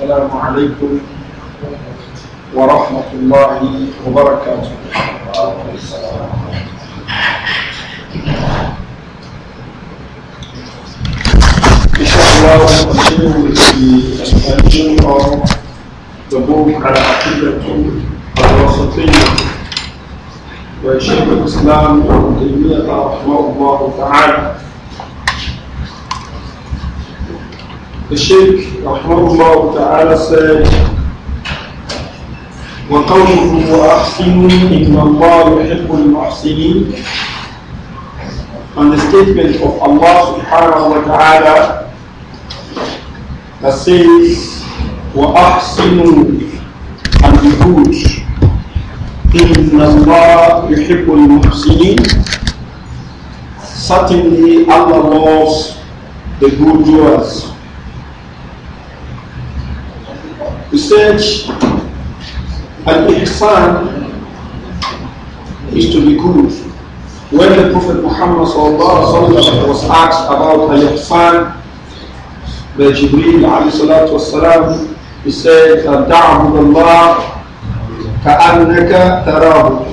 السلام عليكم ورحمة الله وبركاته إن شاء الله وشيخ الإسلام ابن تيمية رحمه الله تعالى الشيخ رحمه الله تعالى said, وقوله وأحسنوا إن الله يحب المحسنين on the statement of Allah subhanahu wa ta'ala that says وأحسنوا and be good إن الله يحب المحسنين certainly Allah loves the good doers research and ihsan is to be good. When the Prophet Muhammad sallallahu was asked about al-ihsan the Jibreel alayhi والسلام, he said, تعبد الله كأنك تراه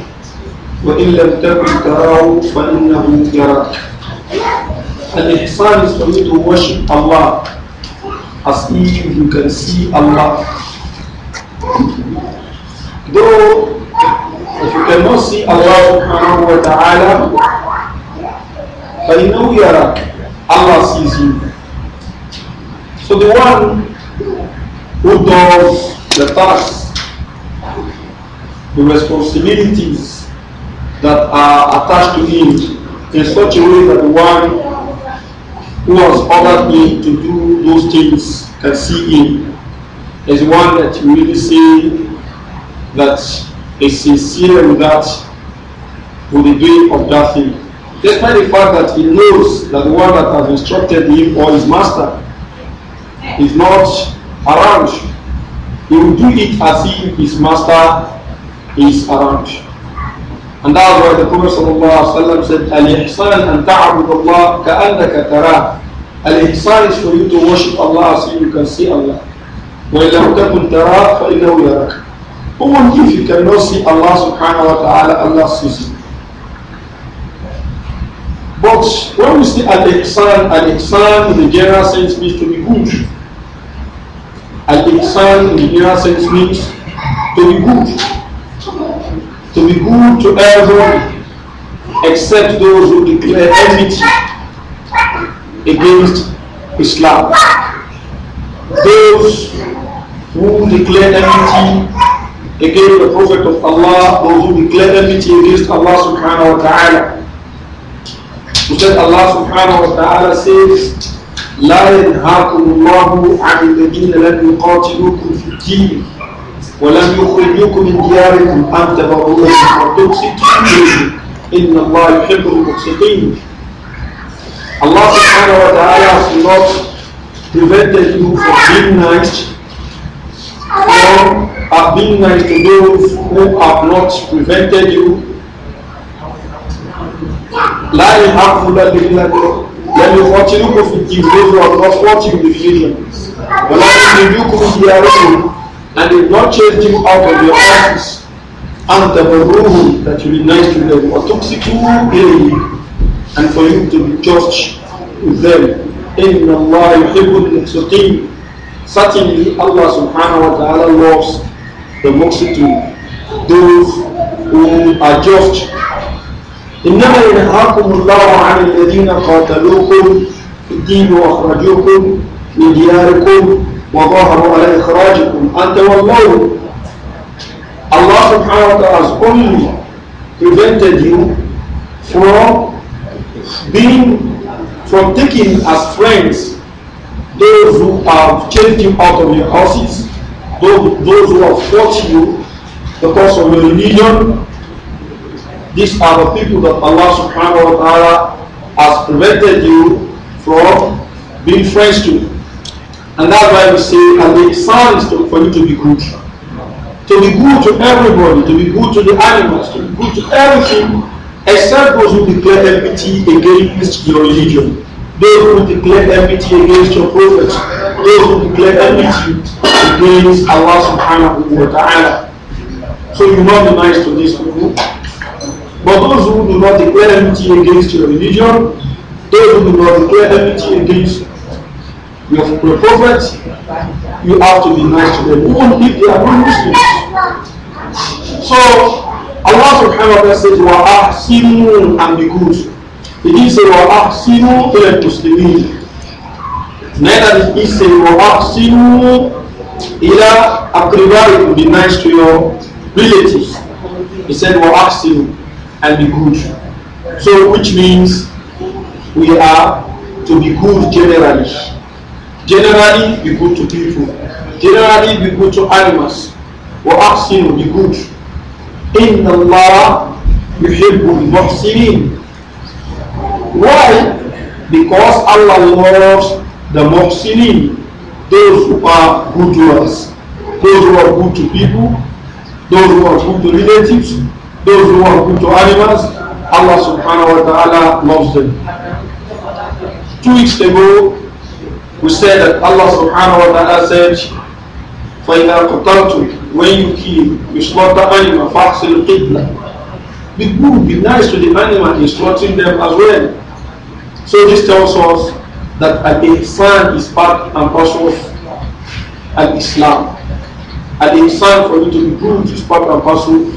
وإن لم تكن تراه فإنه يراك الإحسان is for you to worship Allah as if you can see Allah Though if you cannot see Allah subhanahu wa ta'ala, but you know are, Allah sees you. So the one who does the task, the responsibilities that are attached to him in such a way that the one who has ordered me to do those things can see him is one that you really see that is sincere with that, the doing of that thing. Despite the fact that he knows that the one that has instructed him or his master is not around, he will do it as if his master is around. And that's why the Prophet ﷺ said, Al-Ihsan and ta'abud Allah ka'annaka tara. Al-Ihsan is for you to worship Allah as if you can see Allah. وإن لم تكن تراه فإنه يراك But when we see al-ihsan, al-ihsan in the general sense means to be good. Al-ihsan in the general sense means to be good. To be good to everyone except those who declare enmity against Islam. Those who declared enmity against the Prophet of Allah, those who declared enmity against Allah subhanahu wa ta'ala. Who said Allah subhanahu wa ta'ala says, لا ينهاكم الله عن الذين لم يقاتلوكم في الدين ولم يخرجوكم من دياركم أن تبروهم وتقسطوا إليهم إن الله يحب المقسطين الله سبحانه وتعالى ta'ala has not prevented you from being nice have been nice to those who have not prevented you. لا يحفظ بالله لم يقاتلوكم في الدين they will not fought you in the religion ولا يخرجوكم في دياركم and they not chased you out of your office. and the تبروهم that you be nice to them وتقسطوا إليهم and for you to be just with them إن الله يحب المقسطين certainly Allah subhanahu wa ta'ala loves the muqsitun, those who are just. إنما ينهاكم الله عن الذين قاتلوكم في الدين وأخرجوكم من دياركم وظاهروا على إخراجكم أن تولوه Allah subhanahu wa ta'ala has only prevented you from being from taking as friends those who have chased you out of your houses those, those who have fought you because of your religion, these are the people that Allah subhanahu wa ta'ala has prevented you from being friends to. And that's why we say, and the sign is to, for you to be good. To be good to everybody, to be good to the animals, to be good to everything, except those who declare enmity against your religion. Those who declare enmity against your prophet, those who declare enmity against Allah subhanahu wa ta'ala. So you not be nice to these people. But those who do not declare enmity against your religion, those who do not declare enmity against your, your prophet, you have to be nice to them, even if they are not Muslims. So Allah subhanahu wa ta'ala says, Wa ahsinu and be good. He didn't say, وَأَحْسِنُوا إِلَى الْمُسْلِمِينَ Neither did he say, وَأَحْسِنُوا إِلَى أَقْرِبَائِكُمْ Be nice to your relatives. He said, وَأَحْسِنُوا And be good. So, which means we are to be good generally. Generally, be good to people. Generally, be good to animals. وَأَحْسِنُوا Be good. إِنَّ اللَّهَ يُحِبُّ الْمُحْسِنِينَ why? Because Allah loves the muhsinin, those who are good to us, those who are good to people, those who are good to relatives, those who are good to animals. Allah subhanahu wa ta'ala loves them. Two weeks ago, we said that Allah subhanahu wa ta'ala said, فَإِذَا قَتَلْتُمْ When you kill, you slaughter animal, فَأْحْسِنْ الْقِبْلَةِ Be good, be nice to the animal in slaughtering them as well. So this tells us that al is part and parcel of al-Islam. Al-ihsan for you to be good is part and parcel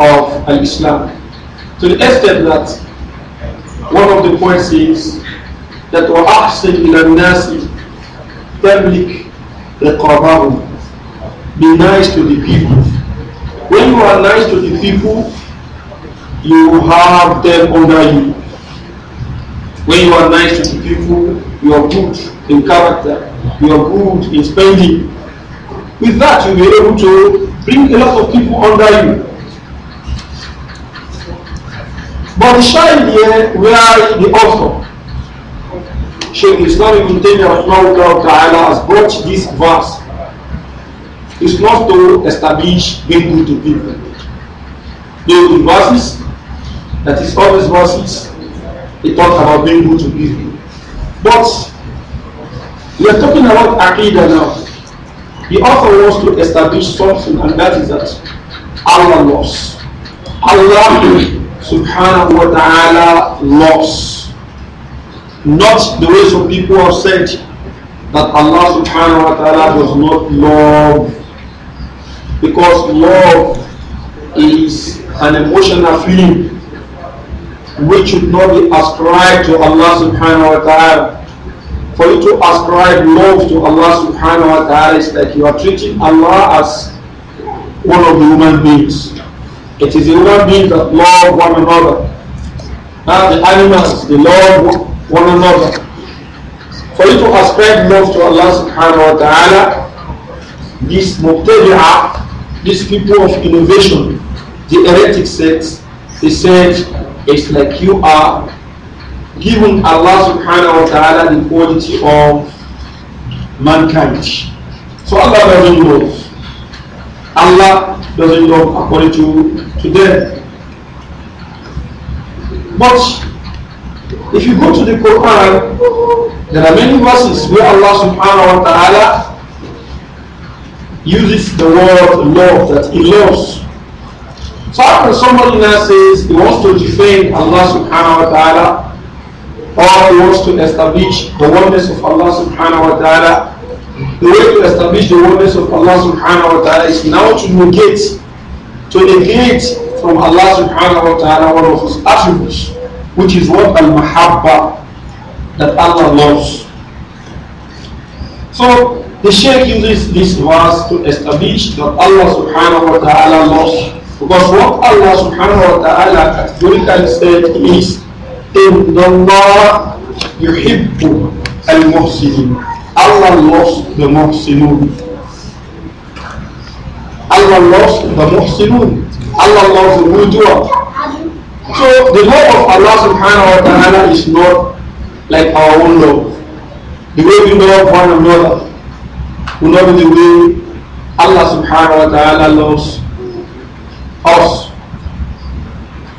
of al-Islam. To the extent that one of the points is that وَأَحْسِنْ إِلَى النَّاسِ تَمْلِكْ رِقَابَهُمْ Be nice to the people. When you are nice to the people, you have them under you. When you are nice to people, you are good in character, you are good in spending. With that, you'll be able to bring a lot of people under you. But the child here, where the author, Sheikh Islam Ibn Taymiyyah Ta'ala has brought this verse It's not to establish being good to people. The verses, that is all these verses, he talks about being good to people, But we are talking about Aqidah now. He also wants to establish something, and that is that Allah loves. Allah subhanahu wa ta'ala loves. Not the way some people have said that Allah subhanahu wa ta'ala does not love. Because love is an emotional feeling which should not be ascribed to Allah subhanahu wa ta'ala. For you to ascribe love to Allah subhanahu wa ta'ala is like you are treating Allah as one of the human beings. It is the human beings that love one another. Not the animals, they love one another. For you to ascribe love to Allah subhanahu wa ta'ala, this Muqtadi'ah, these people of innovation, the heretic sects, they said it's like you are giving Allah subhanahu wa ta'ala the quality of mankind. So Allah doesn't love. Allah doesn't love according to, to them. But if you go to the Quran, there are many verses where Allah subhanahu wa ta'ala uses the word love that he loves so when somebody now says he wants to defend Allah subhanahu wa ta'ala or he wants to establish the oneness of Allah subhanahu wa ta'ala? The way to establish the oneness of Allah subhanahu wa ta'ala is now to negate, to negate from Allah subhanahu wa ta'ala one of his attributes, which is what al-mahabba, that Allah loves. So the Shaykh uses this verse to establish that Allah subhanahu wa ta'ala loves because what Allah subhanahu wa ta'ala categorically said is, إِنَّ اللَّهَ يُحِبُّ الْمُحْسِنِينَ Allah loves the muhsinun. Allah loves the muhsinun. Allah loves the wujua. So the love of Allah subhanahu wa ta'ala is not like our own love. The way we love one another will not be the way Allah subhanahu wa ta'ala loves us.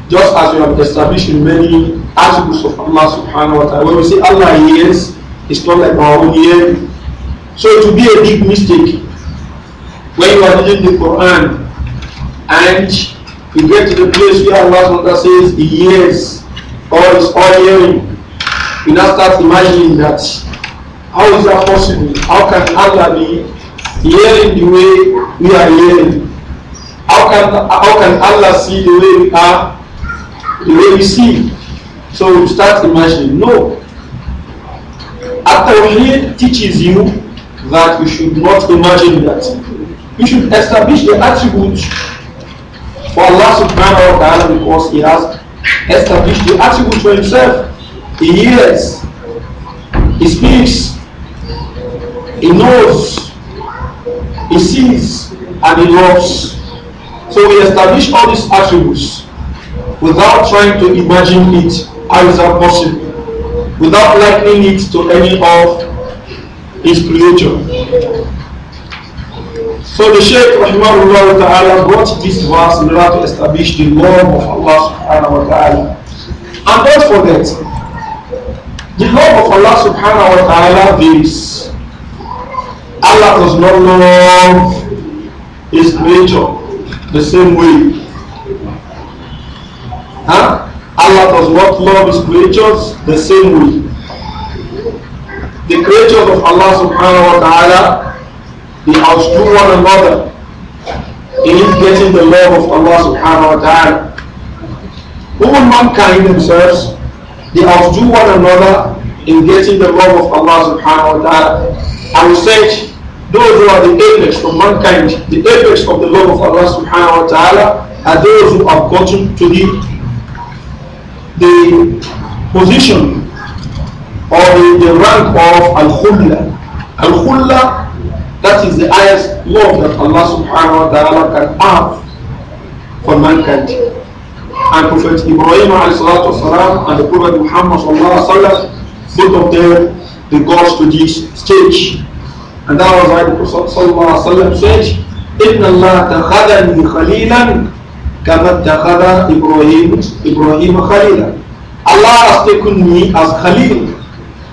Just as we have established in many attributes of Allah subhanahu wa ta'ala. When we say Allah hears, it's not like our own hearing. So it would be a big mistake when you are reading the Quran and you get to the place where Allah says he hears or is all hearing. You now start imagining that how is that possible? How can Allah be hearing the way we are hearing? How can how can Allah see the way we ah, are, the way we see? So you start imagining. No. at teaches you that you should not imagine that. You should establish the attributes for Allah subhanahu wa ta'ala because He has established the attributes for Himself. He hears, He speaks, He knows, He sees, and He loves. So we establish all these attributes without trying to imagine it. as that possible? Without likening it to any of his creature. So the Shaykh Rahimahullah Ta'ala brought this verse in order to establish the law of Allah Subhanahu wa Ta'ala. And don't forget, the law of Allah Subhanahu wa Ta'ala is Allah does not love his creature the same way. Huh? Allah does not love his creatures the same way. The creatures of Allah subhanahu wa ta'ala, they outdo one another in getting the love of Allah subhanahu wa ta'ala. Even mankind themselves, they outdo one another in getting the love of Allah subhanahu wa ta'ala. I will say those who are the apex of mankind, the apex of the love of Allah subhanahu wa ta'ala, are those who have gotten to the, the position or the, the rank of Al-Khulla. Al-Khulla, that is the highest love that Allah subhanahu wa ta'ala can have for mankind. And Prophet Ibrahim والسلام, and the Prophet Muhammad sallallahu alayhi wa both of them, they got to this stage and that was why the Prophet ﷺ said, إِنَّ اللَّهَ تَخَذَنِي خَلِيلًا كَمَا اتَّخَذَ Ibrahim إِبْرَاهِيمَ خَلِيلًا Allah has taken me as Khalil,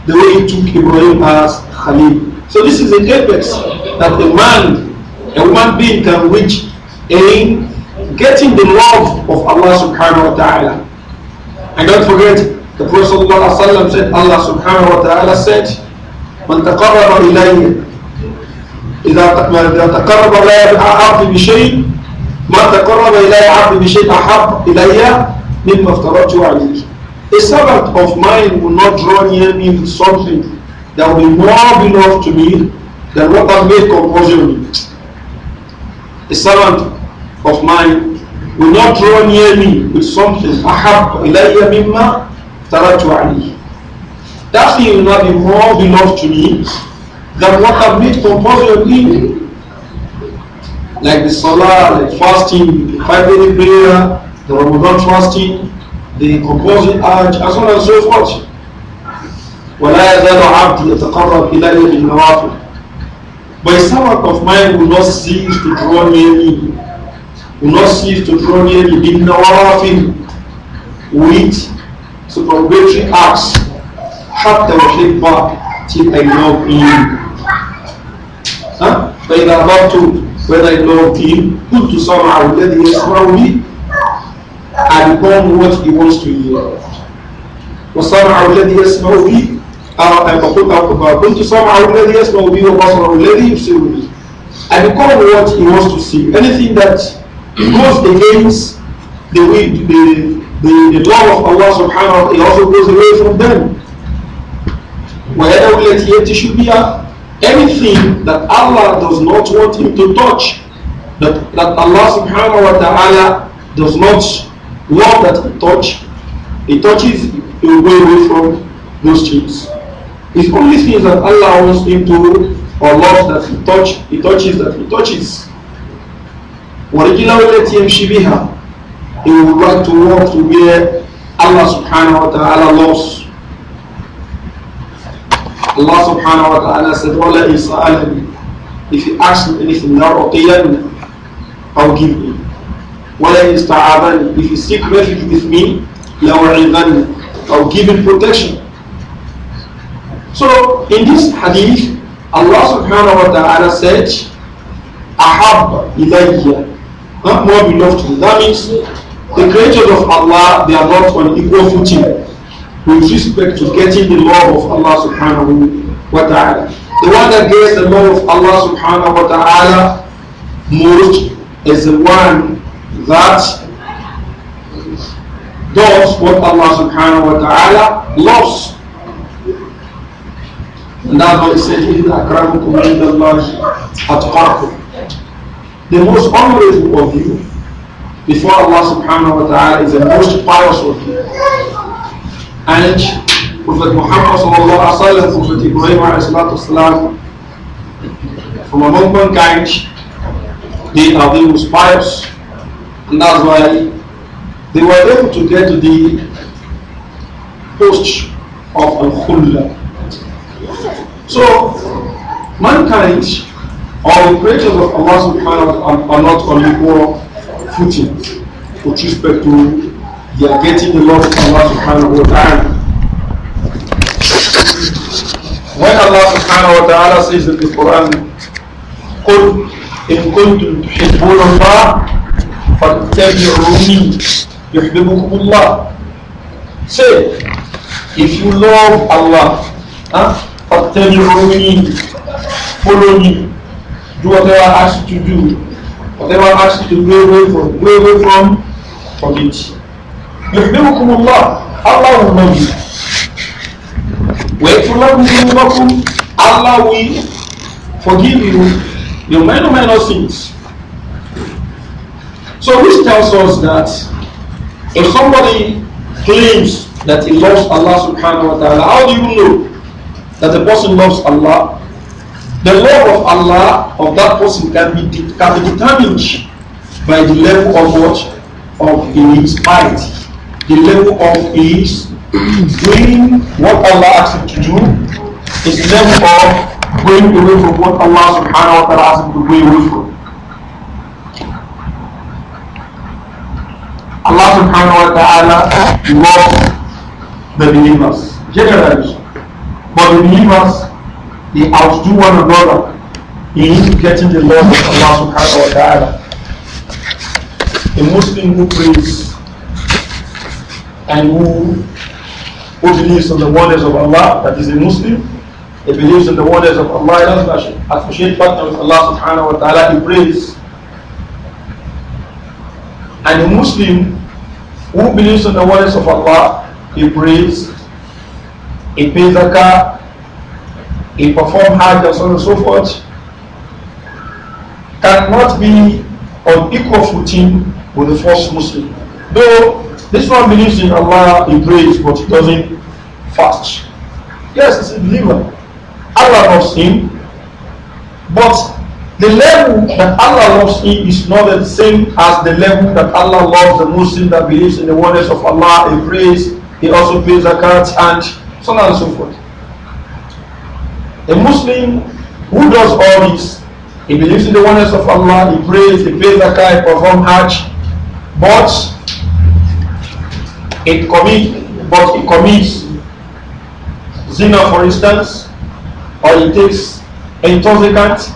the way he took Ibrahim as Khalil. So this is the apex that a man, a human being can reach in getting the love of Allah subhanahu wa ta'ala. And don't forget, the Prophet said, Allah subhanahu wa ta'ala said, من تقرب إلي إذا تقرب إلي عبدي بشيء ما تقرب إلي عبدي بشيء أحب إلي مما افترضته عليه. A servant of mine will not draw near me with something that will be more beloved to me than what I made compulsory on me. A servant of mine will not draw near me with something أحب إلي مما افترضته عليه. That thing will not be more beloved to me that what have made compulsory on like the salah, the fasting, the five daily prayer, the Ramadan fasting, the composing hajj, and so on and so forth. ولا يزال عبدي يتقرب إلي بالنوافل My servant of mine will not cease to draw near me, will not cease to draw near me بالنوافل with supererogatory acts حتى يحب till I log in. Huh? فإذا ضغطت when I log in, قلت سمعه الذي around me, I become what he wants to hear. وسمعه الذي يسمع لي فقلت سمعه الذي يسمع I become what he wants to see. Anything that goes against the, the, the, the law of Allah subhanahu wa ta'ala, it also goes away from them. Anything that Allah does not want him to touch, that, that Allah subhanahu wa ta'ala does not want that he touch, he touches, he will go away from those things. It's only things that Allah wants him to or loves that he touch, he touches that he touches. وَرِجِلَهُ الَّتِي him بِهَا He would like to walk to where Allah subhanahu wa ta'ala loves Allah subhanahu wa ta'ala said, Wala Isa'alani. If you ask me anything, I'll give him. Wala Ista'adani. If you seek refuge with me, I'll give him protection. So, in this hadith, Allah subhanahu wa ta'ala said, Ahab ilayya. Not more beloved to me. That means the creatures of Allah, they are not on equal footing with respect to getting the love of Allah subhanahu wa ta'ala. The one that gets the love of Allah subhanahu wa ta'ala most is the one that does what Allah subhanahu wa ta'ala loves. And that's why it says, إِنَّ أَكْرَمُكُمْ عِنْدَ اللَّهِ أَتْقَاكُمْ The most honorable of you before Allah subhanahu wa ta'ala is the most pious of you and Prophet Muhammad sallallahu alaihi wasallam, Prophet Ibrahim from among mankind, they are the most pious, and that's why they were able to get to the post of al khulla So, mankind or the creatures of Allah subhanahu wa ta'ala are not on equal footing with respect to they are getting the love from Allah subhanahu wa ta'ala. When Allah subhanahu wa ta'ala says in the Quran, قل إن كنتم تحبون الله فاتبعوني يحببكم الله Say, if you love Allah, فاتبعوني huh? follow me, do whatever I ask you to do, whatever I ask you to go away from, go away from, from it. يخبركم الله Allah will know you. ويغفر لكم ذنوبكم Allah will forgive you your minor many sins. So this tells us that if somebody claims that he loves Allah subhanahu wa ta'ala, how do you know that the person loves Allah? The love of Allah of that person can be, can be determined by the level of what? Of his piety the level of is doing what Allah asks him to do, is level of going away from what Allah subhanahu wa ta'ala asks him to go away from. Allah subhanahu wa ta'ala loves the believers, generally. But the believers, they outdo one another in getting the love of Allah subhanahu wa ta'ala. A Muslim who prays and who, who believes in the wonders of Allah, that is a Muslim, he believes in the wonders of Allah, he doesn't associate partner with Allah subhanahu wa ta'ala, he prays. And a Muslim who believes in the wonders of Allah, he prays, he pays zakah, he performs hajj and so on and so forth, cannot be on equal footing with the first Muslim. Though this one believes in Allah, he prays, but he doesn't fast. Yes, he's a believer. Allah loves him, but the level that Allah loves him is not the same as the level that Allah loves the Muslim that believes in the oneness of Allah, he prays, he also pays zakat, and so on and so forth. A Muslim who does all this, he believes in the oneness of Allah, he prays, he pays zakat, he performs hajj, but it commits, but it commits zina, for instance, or it takes intoxicant,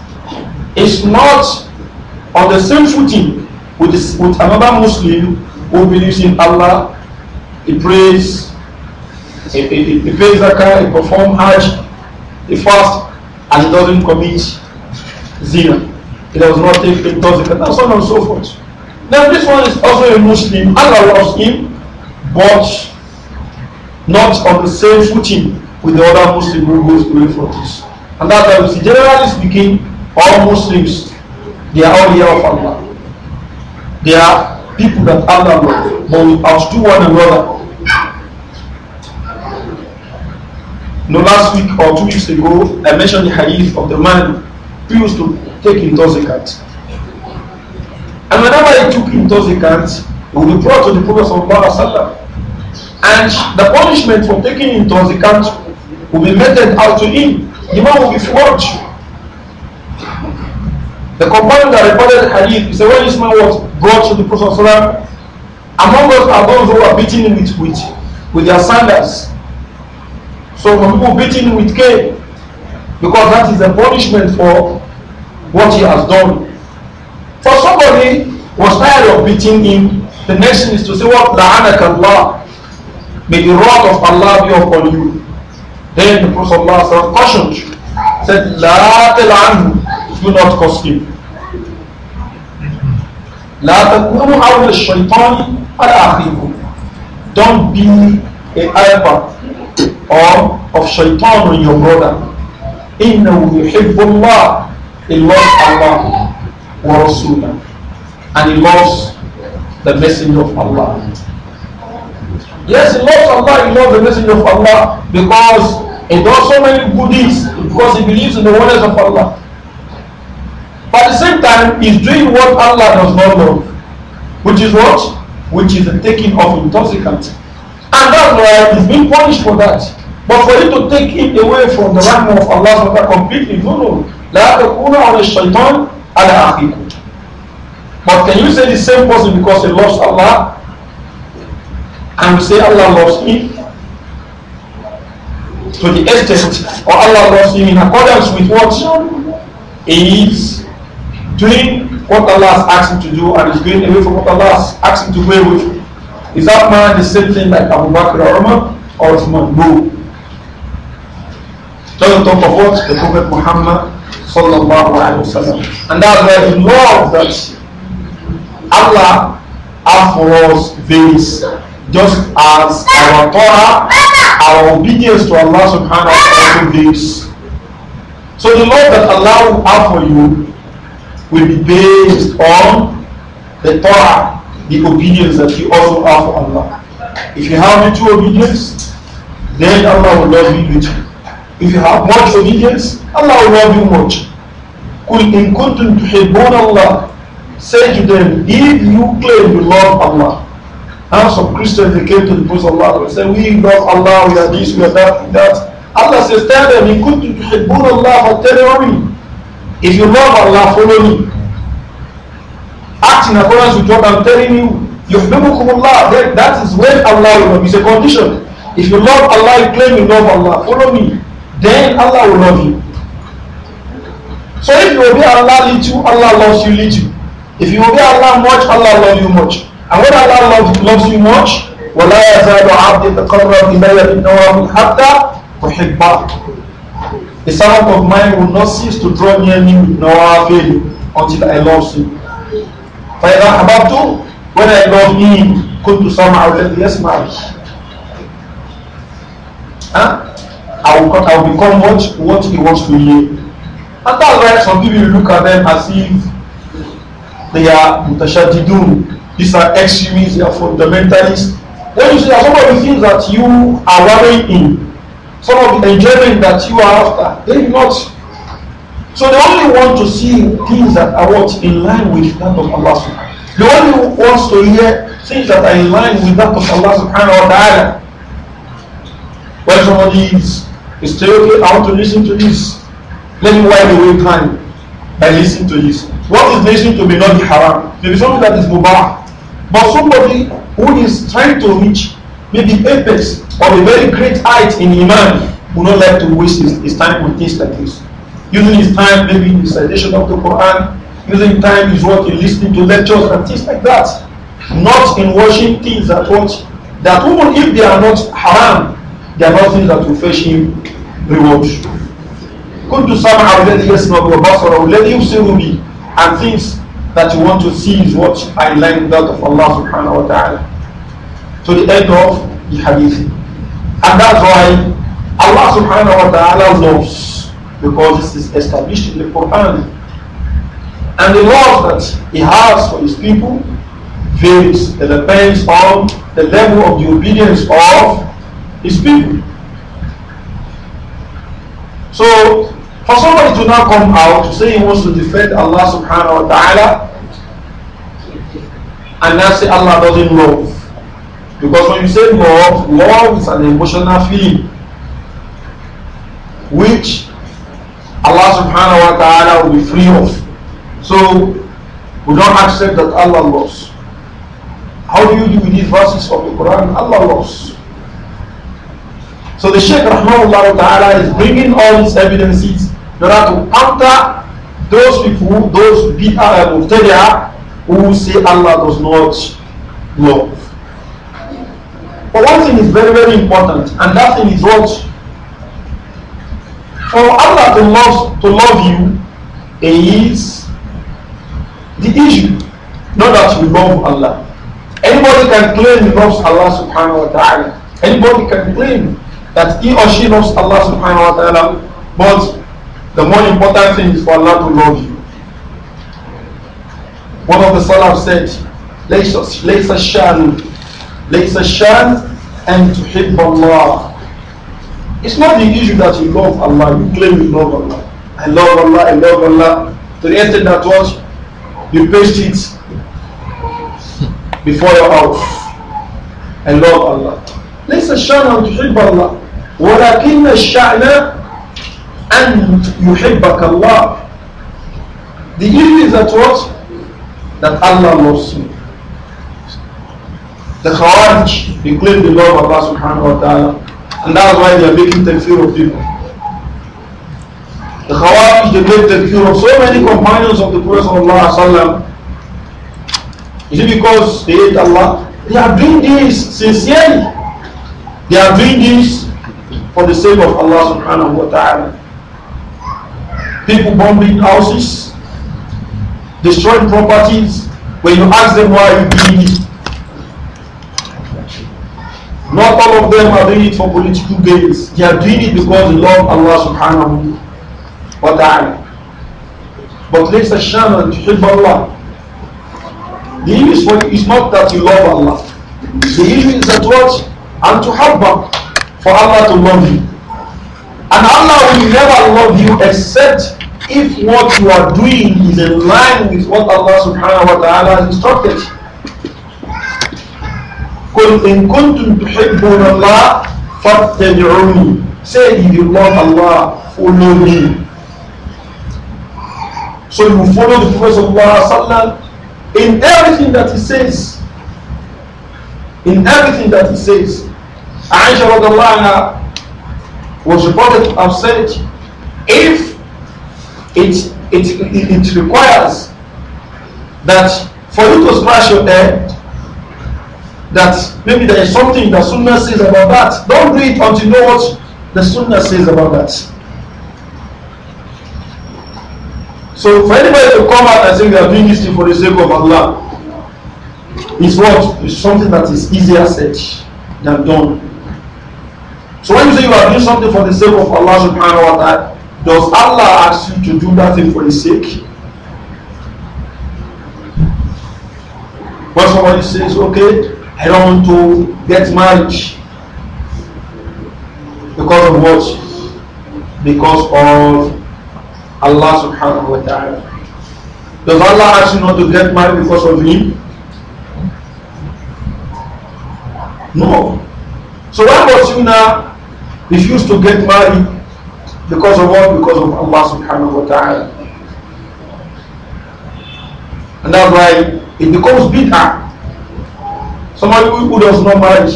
it's not on the same footing with, this, with another Muslim who believes in Allah, he prays, he, he, he pays zakah, he performs hajj, he fasts, and he doesn't commit zina. He does not take intoxicant, and so on and so forth. Now this one is also a Muslim, Allah loves him, but not on the same footing with the other Muslim who goes away from this. And that's why we see, generally speaking, all Muslims, they are all here of Allah. They are people that Allah loves, but we outdo one another. You know, last week or two weeks ago, I mentioned the hadith of the man who used to take intoxicant. And whenever he took intoxicant, will be brought to the Prophet Sallallahu And the punishment for taking him to the country will be meted out to him. The man will be flogged. The companion that reported the hadith, he said, when this man was brought to the Prophet Sallallahu among us are those who are beating him with, with, with their sandals. So some people beating him with cane because that is a punishment for what he has done. For somebody was tired of beating him The nation is to say, What la'anak Allah? May the wrath of Allah be upon you. Then the Prophet Allah cautioned, you, said, La tel'anhu, do not curse him. La takunu awla shaitani al Don't be a helper or of shaitan on your brother. إِنَّهُ يُحِبُّ اللَّهِ He loves Allah wa Rasulah. And he loves the messenger of Allah. Yes, he loves Allah, he loves the messenger of Allah because he does so many good deeds because he believes in the oneness of Allah. But at the same time, he's doing what Allah does not love, which is what? Which is the taking of intoxicants. And that's why he's being punished for that. But for you to take him away from the rank of Allah completely, no, no. لا تكون على الشيطان على أخيكم but can you say the same person because he loves Allah and say Allah loves him? To the extent or Allah loves him in accordance with what he is doing what Allah has asked him to do and is going away from what Allah has asked him to go away from. Is that man the same thing like Abu Bakr or Umar or Uthman? No. Doesn't talk of what? The Prophet Muhammad sallallahu And that's why love that Allah have for us veils, just as our Torah, our obedience to Allah subhanahu wa ta'ala this. So the love that Allah will have for you will be based on the Torah, the obedience that you also have for Allah. If you have the two obedience, then Allah will love you little. If you have much obedience, Allah will love you much. قل إن كنتم تحبون الله Say to them, if you claim you love Allah, now some Christians they came to the of Allah and said, we love Allah, we are this, we are that, we that. Allah says, tell them, in kuntum tuhibbun Allah fattabi'uni. If you love Allah, follow me. Act in accordance with what I'm telling you. Yuhibbukum Allah, that, that is when Allah will love. It's a condition. If you love Allah, you claim you love Allah, follow me. Then Allah will love you. So if you obey Allah lead you, Allah loves you, lead you. If you obey Allah much, Allah loves you much. And when Allah loves, loves you much, وَلَا يَزَالُ عَبْدِ تَقَرَّبْ إِلَيَّ بِالنَّوَامِ حَتَّى أُحِبَّهُ The servant of mine will not cease to draw near me with nawafil until I love him. فَإِذَا أَحْبَبْتُ When I love him, كُنْتُ سَمْعَهُ الَّذِي يَسْمَعُ Huh? I will, I will become what, what he wants to hear. And that's why some people look at them as if They are mutashadidun. These are extremists. They are fundamentalists. When you see that some of the things that you are worrying in, some of the enjoyment that you are after, they not. So they only want to see things that are what in line with that of Allah subhanahu They only want to hear things that are in line with that of Allah subhanahu wa ta'ala. When somebody is, is telling okay, I want to listen to this, let me wipe away time. by listening to this. What is listening to may not be haram. Maybe something that is mubarak. But somebody who is trying to reach maybe apex or a very great height in Iman will not like to waste his, his time with things like this. Using his time maybe in the citation of the Quran, using time is what in listening to lectures and things like that. Not in watching things that what that even if they are not haram, they are not things that will fetch him rewards. كنت سمع الذي يسمع وبصر الذي يبصر and things that you want to see is what I learned that of Allah subhanahu wa ta'ala to the end of the hadith and that's why Allah subhanahu wa ta'ala loves because this is established in the Quran and the love that he has for his people varies. It depends on the level of the obedience of his people. So for somebody to now come out to say he wants to defend Allah subhanahu wa ta'ala and now say Allah doesn't love. Because when you say love, love is an emotional feeling which Allah subhanahu wa ta'ala will be free of. So we don't accept that Allah loves. How do you do with these verses of the Quran? Allah loves. So the Shaykh Rahmanullah Ta'ala is bringing all these evidences you have to counter those people, those people, and uh, mubtadi'ah who say Allah does not love. But one thing is very, very important, and that thing is what? For Allah to love, to love you is the issue, not that you love Allah. Anybody can claim he loves Allah subhanahu wa ta'ala. Anybody can claim that he or she loves Allah subhanahu wa ta'ala, but the more important thing is for Allah to love you. One of the Salaf said, ليس الشان ليس and to تحب Allah." It's not the issue that you love Allah, you claim you love Allah. I love Allah, I love Allah. To the extent that was, You paste it before your house. I love Allah. ليس and to تحب Allah. ولكن الشأن hate back Allah. the issue is that what? That Allah loves you. The Khawarij, they claim the love of Allah subhanahu wa ta'ala. And that's why they are making takfir of people. The Khawarij, they made takfir of so many companions of the Prophet of sallallahu Is it because they hate Allah? They are doing this sincerely. They are doing this for the sake of Allah subhanahu wa ta'ala people bombing houses, destroying properties. When you ask them why are you doing it, not all of them are doing it for political gains. They are doing it because they love Allah subhanahu wa ta'ala. But ليس الشان أن تحب الله. The issue is not that you love Allah. The issue is that what? أن تحب for Allah to love you. And Allah will never love you except if what you are doing is in line with what Allah subhanahu wa ta'ala has instructed. قُلْ إِن كُنْتُمْ تُحِبُّونَ اللَّهِ فَاتَّبِعُونِ Say, if you love Allah, follow me. So you follow the Prophet sallallahu Allah wa in everything that he says. In everything that he says. Aisha radiallahu anha was reported to have said, if it, it, it, requires that for you to smash your head that maybe there is something that Sunnah says about that. Don't do it until you know what the Sunnah says about that. So for anybody to come out and say we are doing this thing for the sake of Allah, is what is something that is easier said than done. So when you say you are doing something for the sake of Allah subhanahu wa ta'ala, does Allah ask you to do that thing for his sake? When somebody says, okay, I don't want to get married because of what? Because of Allah subhanahu wa ta'ala. Does Allah ask you not to get married because of him? No. So why about you now refuse to get married Because of what? Because of Allah subhanahu wa ta'ala. And that's why it becomes bitter. Somebody who, who does not marry,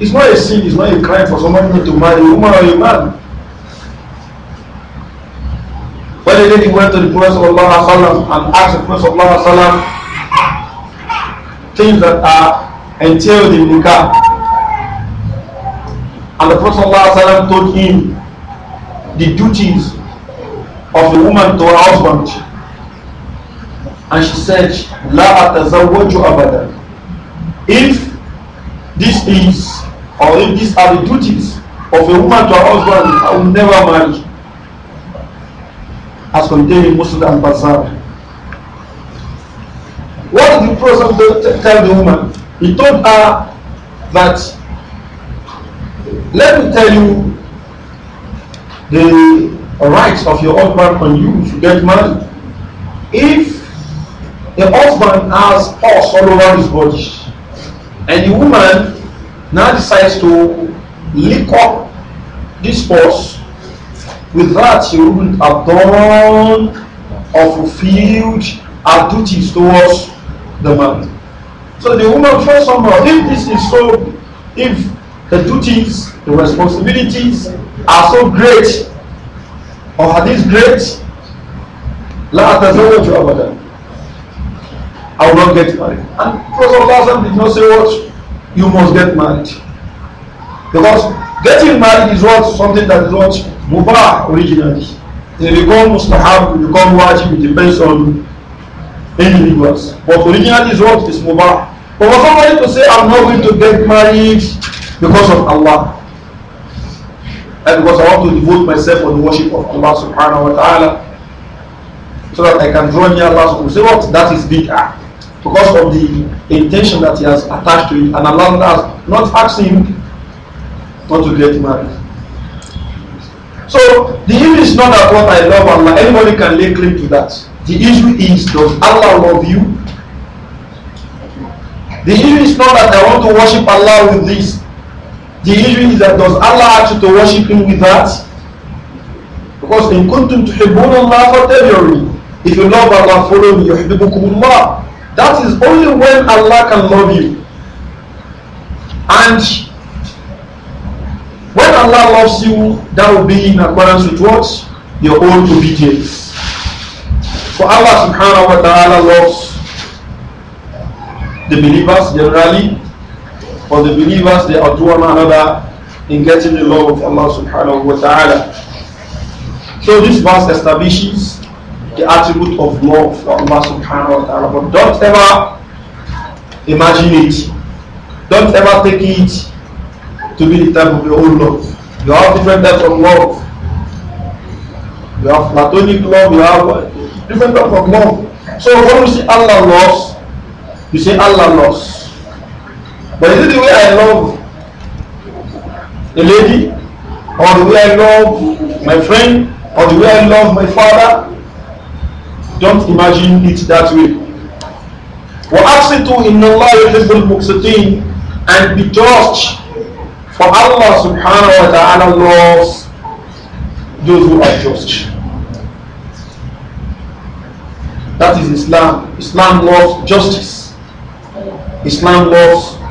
it's not a sin, it's not a crime for somebody not to marry a woman or a man. When the lady went to the Prophet of Allah and asked the Prophet of Allah things that are entailed in nikah, and the Prophet told him the duties of the woman to her husband. And she said, La atazawwaju abada. If this is, or if these are the duties of a woman to her husband, I will never marry. As contained in Muslim and Bazaar. What did the Prophet tell the woman? He told her that, let me tell you the rights of your husband on you to get married. If the husband has pus all over his body and the woman now decides to lick up this pus, with that she wouldn't have done or fulfilled her duties towards the man. So the woman first somehow, if this is so, if the duties, the responsibilities are so great or are these great لا أتزوج them. I will not get married and Prophet did not say what you must get married because getting married is what something that is what mubah originally they become mustahab they become wajib it depends on individuals but originally is what is mubah but for somebody to say I'm not going to get married because of Allah And because I want to devote myself on the worship of Allah subhanahu wa ta'ala so that I can draw near Allah subhanahu wa ta'ala. what? That is big act. Because of the intention that he has attached to it. And Allah has not asked him not to get married. So the issue is not that what I love Allah. Anybody can lay claim to that. The issue is does Allah love you? The issue is not that I want to worship Allah with this. The issue is that does Allah ask you to worship Him with that? Because in kuntum tuhibbun Allah fatabi'uni. If you love Allah, follow me. Yuhibbukum Allah. That is only when Allah can love you. And when Allah loves you, that will be in accordance with what? Your own obedience. For Allah subhanahu wa ta'ala loves the believers generally For the believers, they are one another in getting the love of Allah subhanahu wa ta'ala. So this verse establishes the attribute of love for Allah subhanahu wa ta'ala. But don't ever imagine it. Don't ever take it to be the type of your own love. You have different types of love. You have platonic love, you have uh, different types of love. So when you say Allah loves, you say Allah loves. But is it the way I love the lady, or the way I love my friend, or the way I love my father? Don't imagine it that way. وَأَقْسِطُوا إِنَّ اللَّهَ يُحِبُّ الْمُقْسِطِينَ And be just, for Allah subhanahu wa ta'ala loves those who are just. That is Islam. Islam loves justice. Islam loves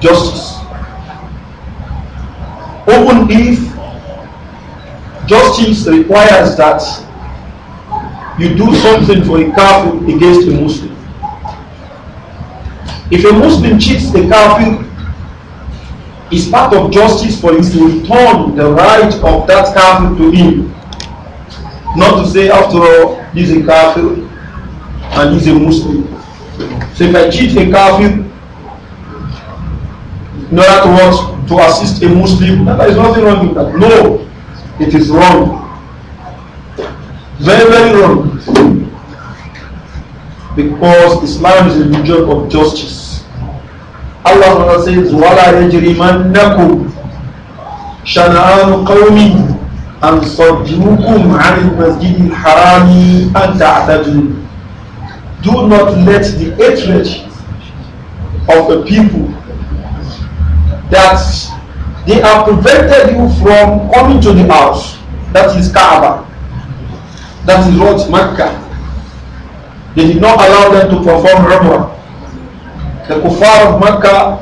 justice. Even if justice requires that you do something for a kafir against a Muslim. If a Muslim cheats the kafir, it's part of justice for him to return the right of that kafir to him. Not to say, after all, he's a kafir and he's a Muslim. So if I cheat a kafir, in order to what? To assist a Muslim. There is nothing wrong with that. No, it is wrong. Very, very wrong. Because Islam is a religion of justice. Allah says, وَلَا يَجْرِمَنَّكُمْ شَنَآنُ قَوْمٍ أن صدوكم عن المسجد الحرام أن تعتدوا Do not let the hatred of the people that they have prevented you from coming to the house. That is Kaaba. That is what Mecca. They did not allow them to perform Umrah. The kuffar of Mecca,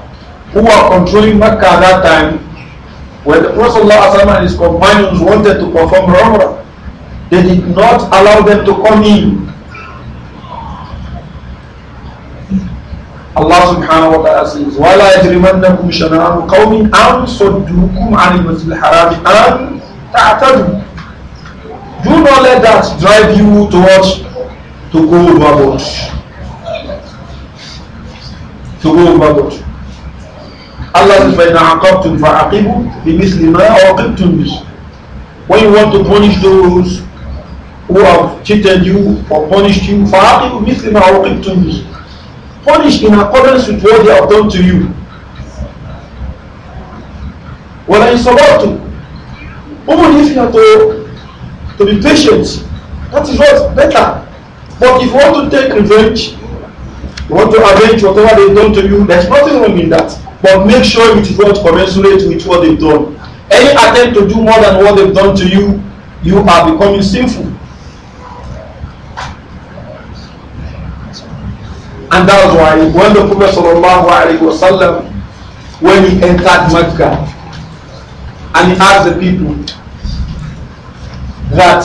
who were controlling Mecca at that time, when the Prophet and his companions wanted to perform Umrah, they did not allow them to come in. Allah subhanahu wa ta'ala says, وَلَا يَجْرِمَنَّكُمْ شَنَانُ قَوْمٍ أَنْ صَدُّوكُمْ عَنِ الْمَسْجِدِ الْحَرَامِ أَنْ تَعْتَدُوا Do not let that drive you towards to go overboard. To go overboard. Allah says, فَإِنْ عَقَبْتُمْ فَعَقِبُوا بِمِثْلِ مَا عَقِبْتُمْ بِهِ When you want to punish those who have cheated you or punished you, فَعَقِبُوا بِمِثْلِ مَا عَقِبْتُمْ بِهِ punished in accordance with what they have done to you. وَلَئِنْ to? Even if you are to, to be patient, that is what's better. But if you want to take revenge, you want to avenge whatever they've done to you, there's nothing wrong in that. But make sure it is not commensurate with what they've done. Any attempt to do more than what they've done to you, you are becoming sinful. And that was why when the Prophet wasallam, when he entered Mecca, and he asked the people that,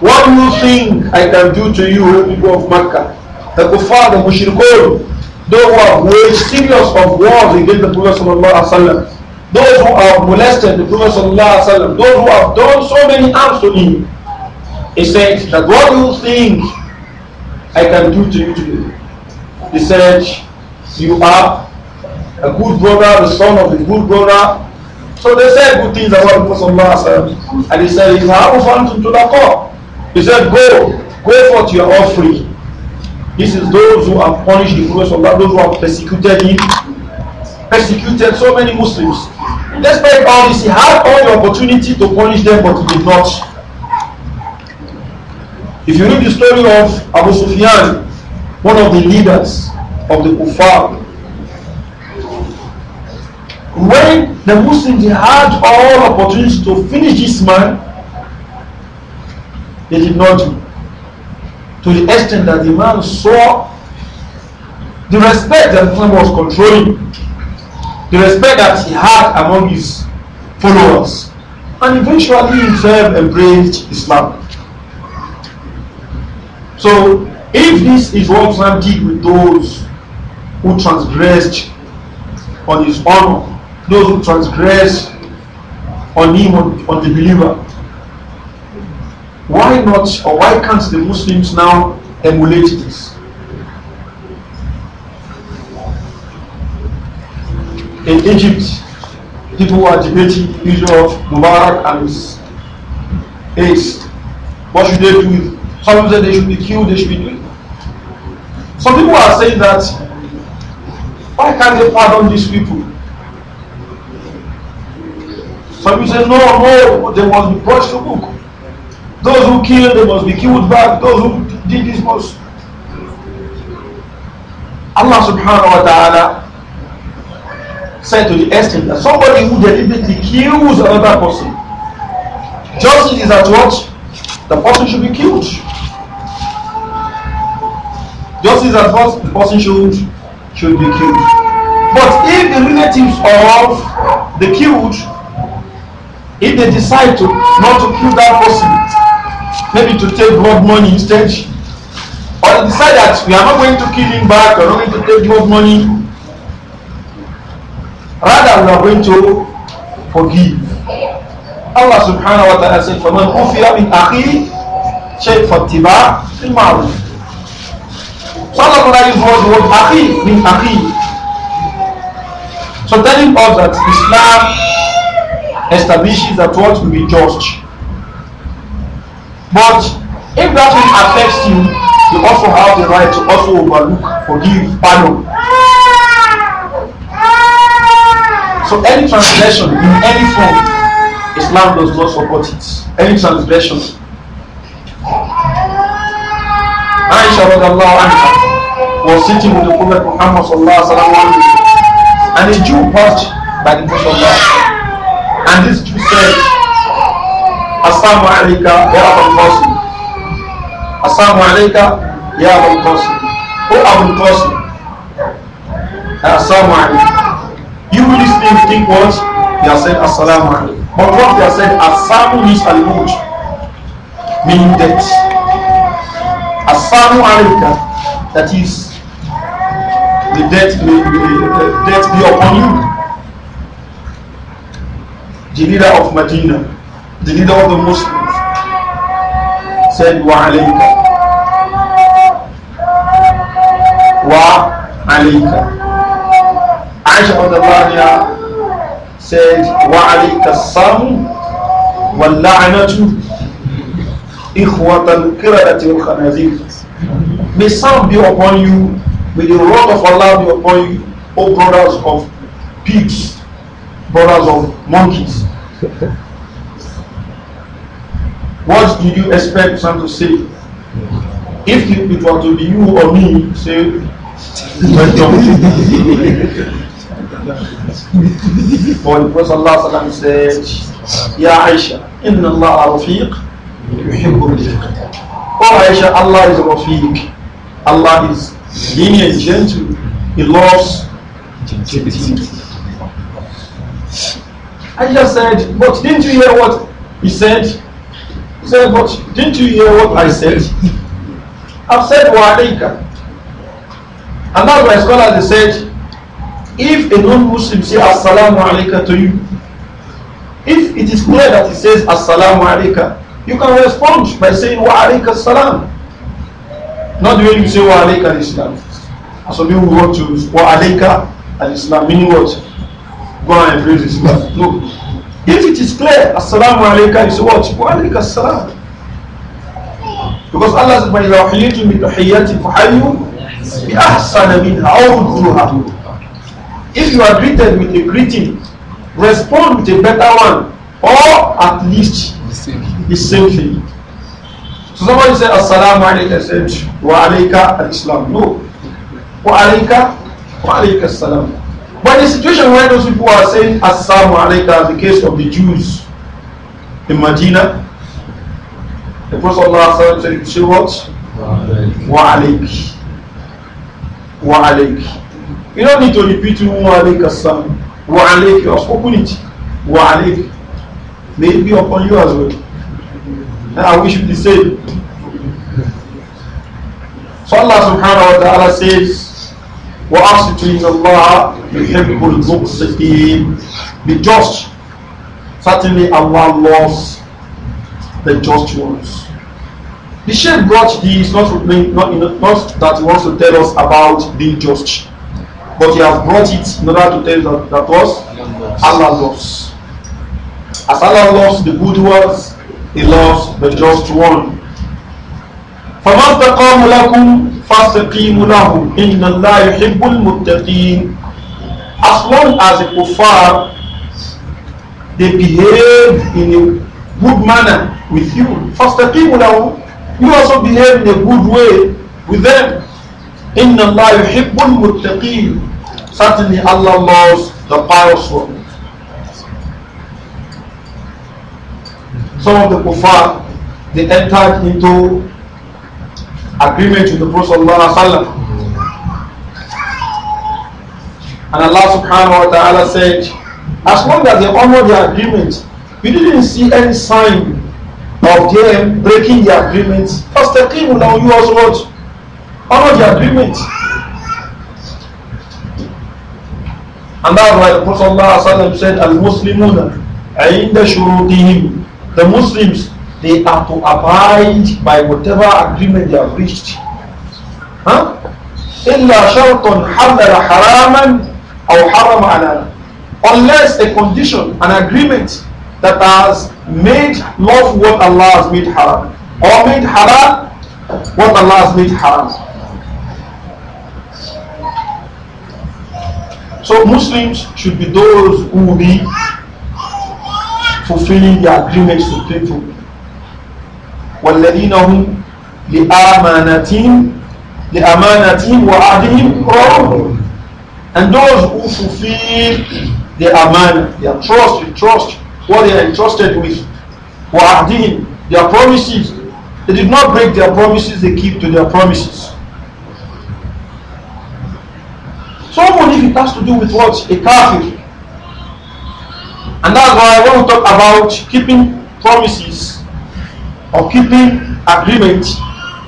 what do you think I can do to you, O people of Mecca? The kuffar, the mushrikun, those who have waged serious of wars against the Prophet wasallam, those who have molested the Prophet wasallam, those who have done so many harms to him. He said that what do you think I can do to you today? He said, You are a good brother, the son of a good brother. So they said good things about the Prophet. And he said, He's fountain to the core. He said, Go, go forth, you are all free. This is those who have punished the Prophet, those who have persecuted him, persecuted so many Muslims. Despite all this, he had all the opportunity to punish them, but he did not. If you read the story of Abu Sufyan, one of the leaders of the Kufar. When the Muslims had all opportunities to finish this man, they did not do. To the extent that the man saw the respect that Islam was controlling, the respect that he had among his followers, and eventually himself embraced Islam. So if this is what Islam did with those who transgressed on his honor, those who transgressed on him, on, on the believer, why not or why can't the Muslims now emulate this? In Egypt, people were debating the issue of Mubarak and his aides. What should they do Some say they should be killed, they should be killed. Some people are saying that why can't they pardon these people? Some people say no, no, they must be brought to book. Those who killed, they must be killed back. Those who did this must. Allah subhanahu wa ta'ala said to the extent that somebody who deliberately kills another person, justice is at what? The person should be killed. Just as that first person should should be killed. But if the relatives of the killed, if they decide to not to kill that person, maybe to take blood money instead, or they decide that we are not going to kill him back, we are not going to take blood money, rather we are going to forgive. Allah subhanahu wa ta'ala said, فَمَنْ أُفِيَ مِنْ for tiba فَاتِّبَعٍ بِالْمَعْرُوفِ Sallallahu Alaihi Wasallam used word akhi means akhi. So telling us that Islam establishes that what will be judged. But if that thing affects you, you also have the right to also overlook, forgive, pardon. So any transgression in any form, Islam does not support it. Any transgression. Aisha radiallahu anha was sitting with the Prophet Muhammad sallallahu alaihi wasallam, and a Jew watched by the Prophet sallallahu and this Jew said, "Assalamu alaikum, ya Abu Qasim. Assalamu alaikum, ya Abu Qasim. Oh Abu Qasim, uh, Assalamu alaikum. You listening think what He has said, Assalamu alaikum. But what he has said, Assalamu is al-Muj, meaning death. Assalamu alaikum, that is the death may, the uh, death be upon you. The leader of Medina, the leader of the Muslims, said, Wa alayka. Wa alayka. Aisha of the Lania said, Wa alayka sam wal la'anatu ikhwatal qiradati wal khanazir. May some be upon you May the wrath of Allah be upon you, O brothers of pigs, brothers of monkeys. what did you expect Sam to say? If it, were to be you or me, say, welcome. For the Prophet Allah said, Ya Aisha, Inna Allah Rafiq. Oh Aisha, Allah is Rafiq. Allah is Linear is gentle. He loves gentility. I just said, but didn't you hear what he said? He said, but didn't you hear what I said? I've said Wa'alika. And that's why scholars they said, if a non-Muslim says Assalamu alaikum to you, if it is clear that he says Assalamu alaikum, you can respond by saying Wa alaikum salam. Not the way you say, Wa alayka al As some people want to, Wa alayka al Islam, meaning what? Go and embrace Islam. No. If it is clear, Assalamu alayka, you say what? Wa alayka as salam. Because Allah says, وَإِذَا حِيِّيتُمْ بِتَحِيَّةٍ فَحَيُّوا بِأَحْسَنَ مِنْهَا أَوْ رُدُّوهَا If you are greeted with a greeting, respond with a better one, or at least the same thing. So somebody said, Assalamu alaikum. I said, Wa alaika al Islam. No. Wa alaika, wa alaika salam. But the situation where those people are saying Assalamu alaikum, the case of the Jews in Medina, the Prophet Allah said, say what? Wa alaik. Wa alaik. You don't need to repeat Wa alaik salam. Wa alaik. You have spoken it. Wa alaik. May it be upon you as well. I wish should be saved. So Allah subhanahu wa ta'ala says, وَأَصِتُوا إِنَّ اللَّهَ يُحِبُّ الْمُقْسِطِينَ Be just. Certainly Allah loves the just ones. The Shaykh brought this not, not, not that he wants to tell us about being just, but he has brought it in order to tell us that, that us Allah loves. As Allah loves the good ones, he loves the just one. فَمَا اسْتَقَامُ لَكُمْ فَاسْتَقِيمُ لَهُمْ إِنَّ اللَّهَ يُحِبُّ الْمُتَّقِينَ As long as the kuffar, they behave in a good manner with you, فَاسْتَقِيمُ لَهُمْ You also behave in a good way with them. إِنَّ اللَّهَ يُحِبُّ الْمُتَّقِينَ Certainly Allah loves the pious one. some of the kuffar, they entered into agreement with the Prophet sallallahu And Allah subhanahu wa ta'ala said, as long as they honor their agreement, we didn't see any sign of them breaking the agreement. Fastaqim now you also what? Honor the agreement. And that's why the Prophet ﷺ said, Al-Muslimuna عند شروطهم the Muslims, they are to abide by whatever agreement they have reached. Huh? Unless a condition, an agreement that has made love what Allah has made haram, or made haram what Allah has made haram. So Muslims should be those who will be fulfilling their agreements to people. والذين هم لأمانتهم لأمانتهم وعدهم راعون and those who fulfill their aman, their trust, we trust what they are entrusted with, wa'adin, their promises. They did not break their promises, they keep to their promises. So if it has to do with what? A kafir, and that's why when we talk about keeping promises or keeping agreements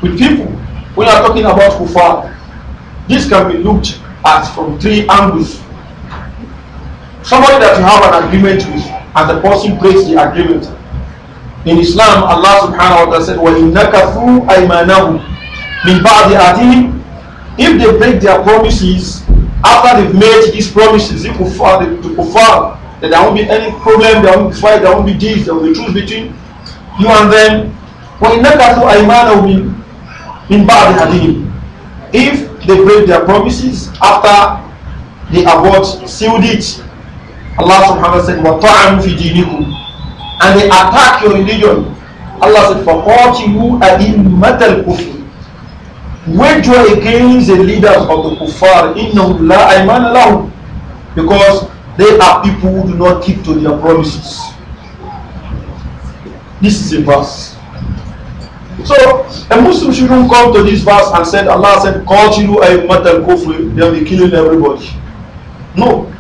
with people, we are talking about kufar. This can be looked at from three angles. Somebody that you have an agreement with, and the person breaks the agreement. In Islam, Allah subhanahu wa ta'ala said, وَإِنَّكَ ثُوْ أَيْمَانَهُمْ مِنْ بَعْدِ أَدِهِمْ If they break their promises, after they've made these promises, the kuffar, the, the kuffar that there won't be any problem, there won't be fight, there won't be this, there will be truth between you and them. in that case, Iman will be in bad hadith, if they break their promises after they abort sealed it, Allah subhanahu wa ta'ala said, وَطَعَمُ فِي And they attack your religion. Allah said, "For فَقَاتِهُ أَئِمَّةَ الْكُفْرِ Wage war against the leaders of the kuffar, إِنَّهُمْ لَا أَيْمَانَ لَهُمْ Because they are people who do not keep to their promises. This is a verse. So a Muslim shouldn't come to this verse and said Allah said, Continue a matter kufri, they'll be killing everybody. No.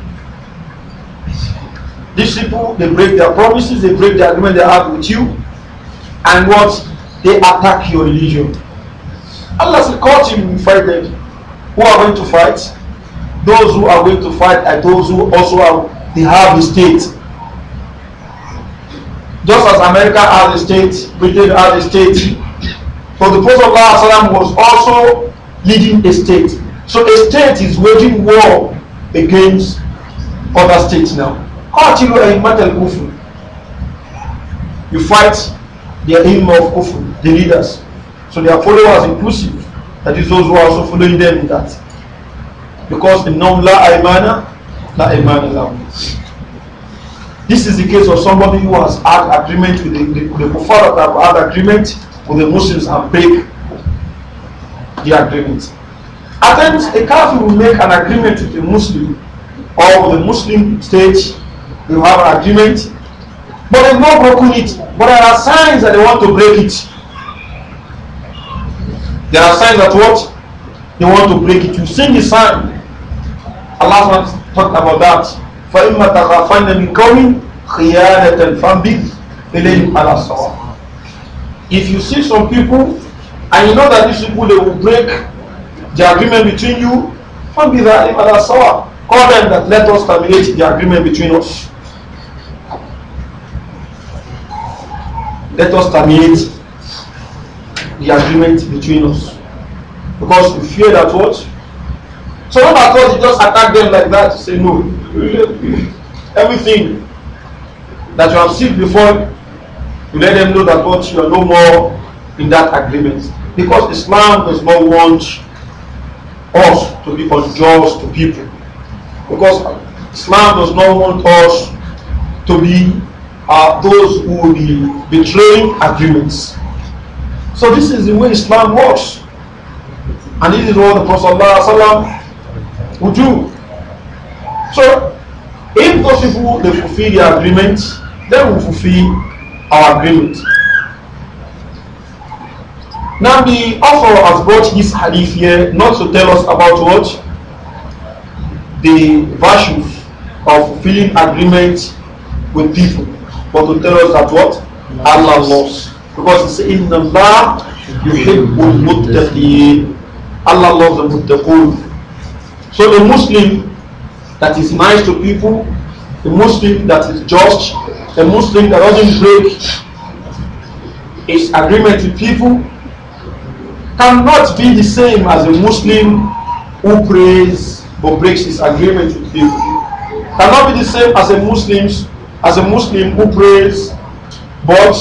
These people they break their promises, they break the agreement they have with you, and what they attack your religion. Allah said, Continue, fight them. Who are going to fight? Those who are going to fight are those who also have, they have the state. Just as America has a state, Britain has a state. But the Prophet ﷺ was also leading a state. So a state is waging war against other states now. You fight the aim of the leaders. So their followers inclusive. That is those who are also following them in that. Because in nom la aymana, la aymana la. This is the case of somebody who has had agreement with the, the, the that have had agreement with the Muslims and break the agreement. At times, a kafir will make an agreement with a Muslim or with the Muslim state. They will have an agreement, but they've not broken it. But there are signs that they want to break it. There are signs that what? They want to break it. You see the sign. Allah talked about that. فَإِمَّا تَخَافَيْنَ مِنْ قَوْمٍ خِيَانَةً فَانْبِذْ إِلَيْهِمْ عَلَى الصَّوَابِ If you see some people and you know that these people they will break the agreement between you, فَانْبِذْ إِلَيْهِمْ عَلَى الصَّوَابِ Call them that let us terminate the agreement between us. Let us terminate the agreement between us. Because we fear that what? So Rome thought you just attack them like that to say no. Everything that you have seen before, you let them know that what you are no more in that agreement. Because Islam does not want us to be unjust to people. Because Islam does not want us to be uh, those who will be betraying agreements. So this is the way Islam works. And this is what the Prophet would you? So, if those people they fulfill their agreement, then we fulfill our agreement. Now, the author has brought this hadith here not to tell us about what the virtue of fulfilling agreement with people, but to tell us that what Allah loves. Because it's in the Allah, you hate Allah loves the muttaqun. So a Muslim that is nice to people, a Muslim that is just, a Muslim that doesn't break his agreement with people, cannot be the same as a Muslim who prays but breaks his agreement with people. Cannot be the same as a Muslim as a Muslim who prays but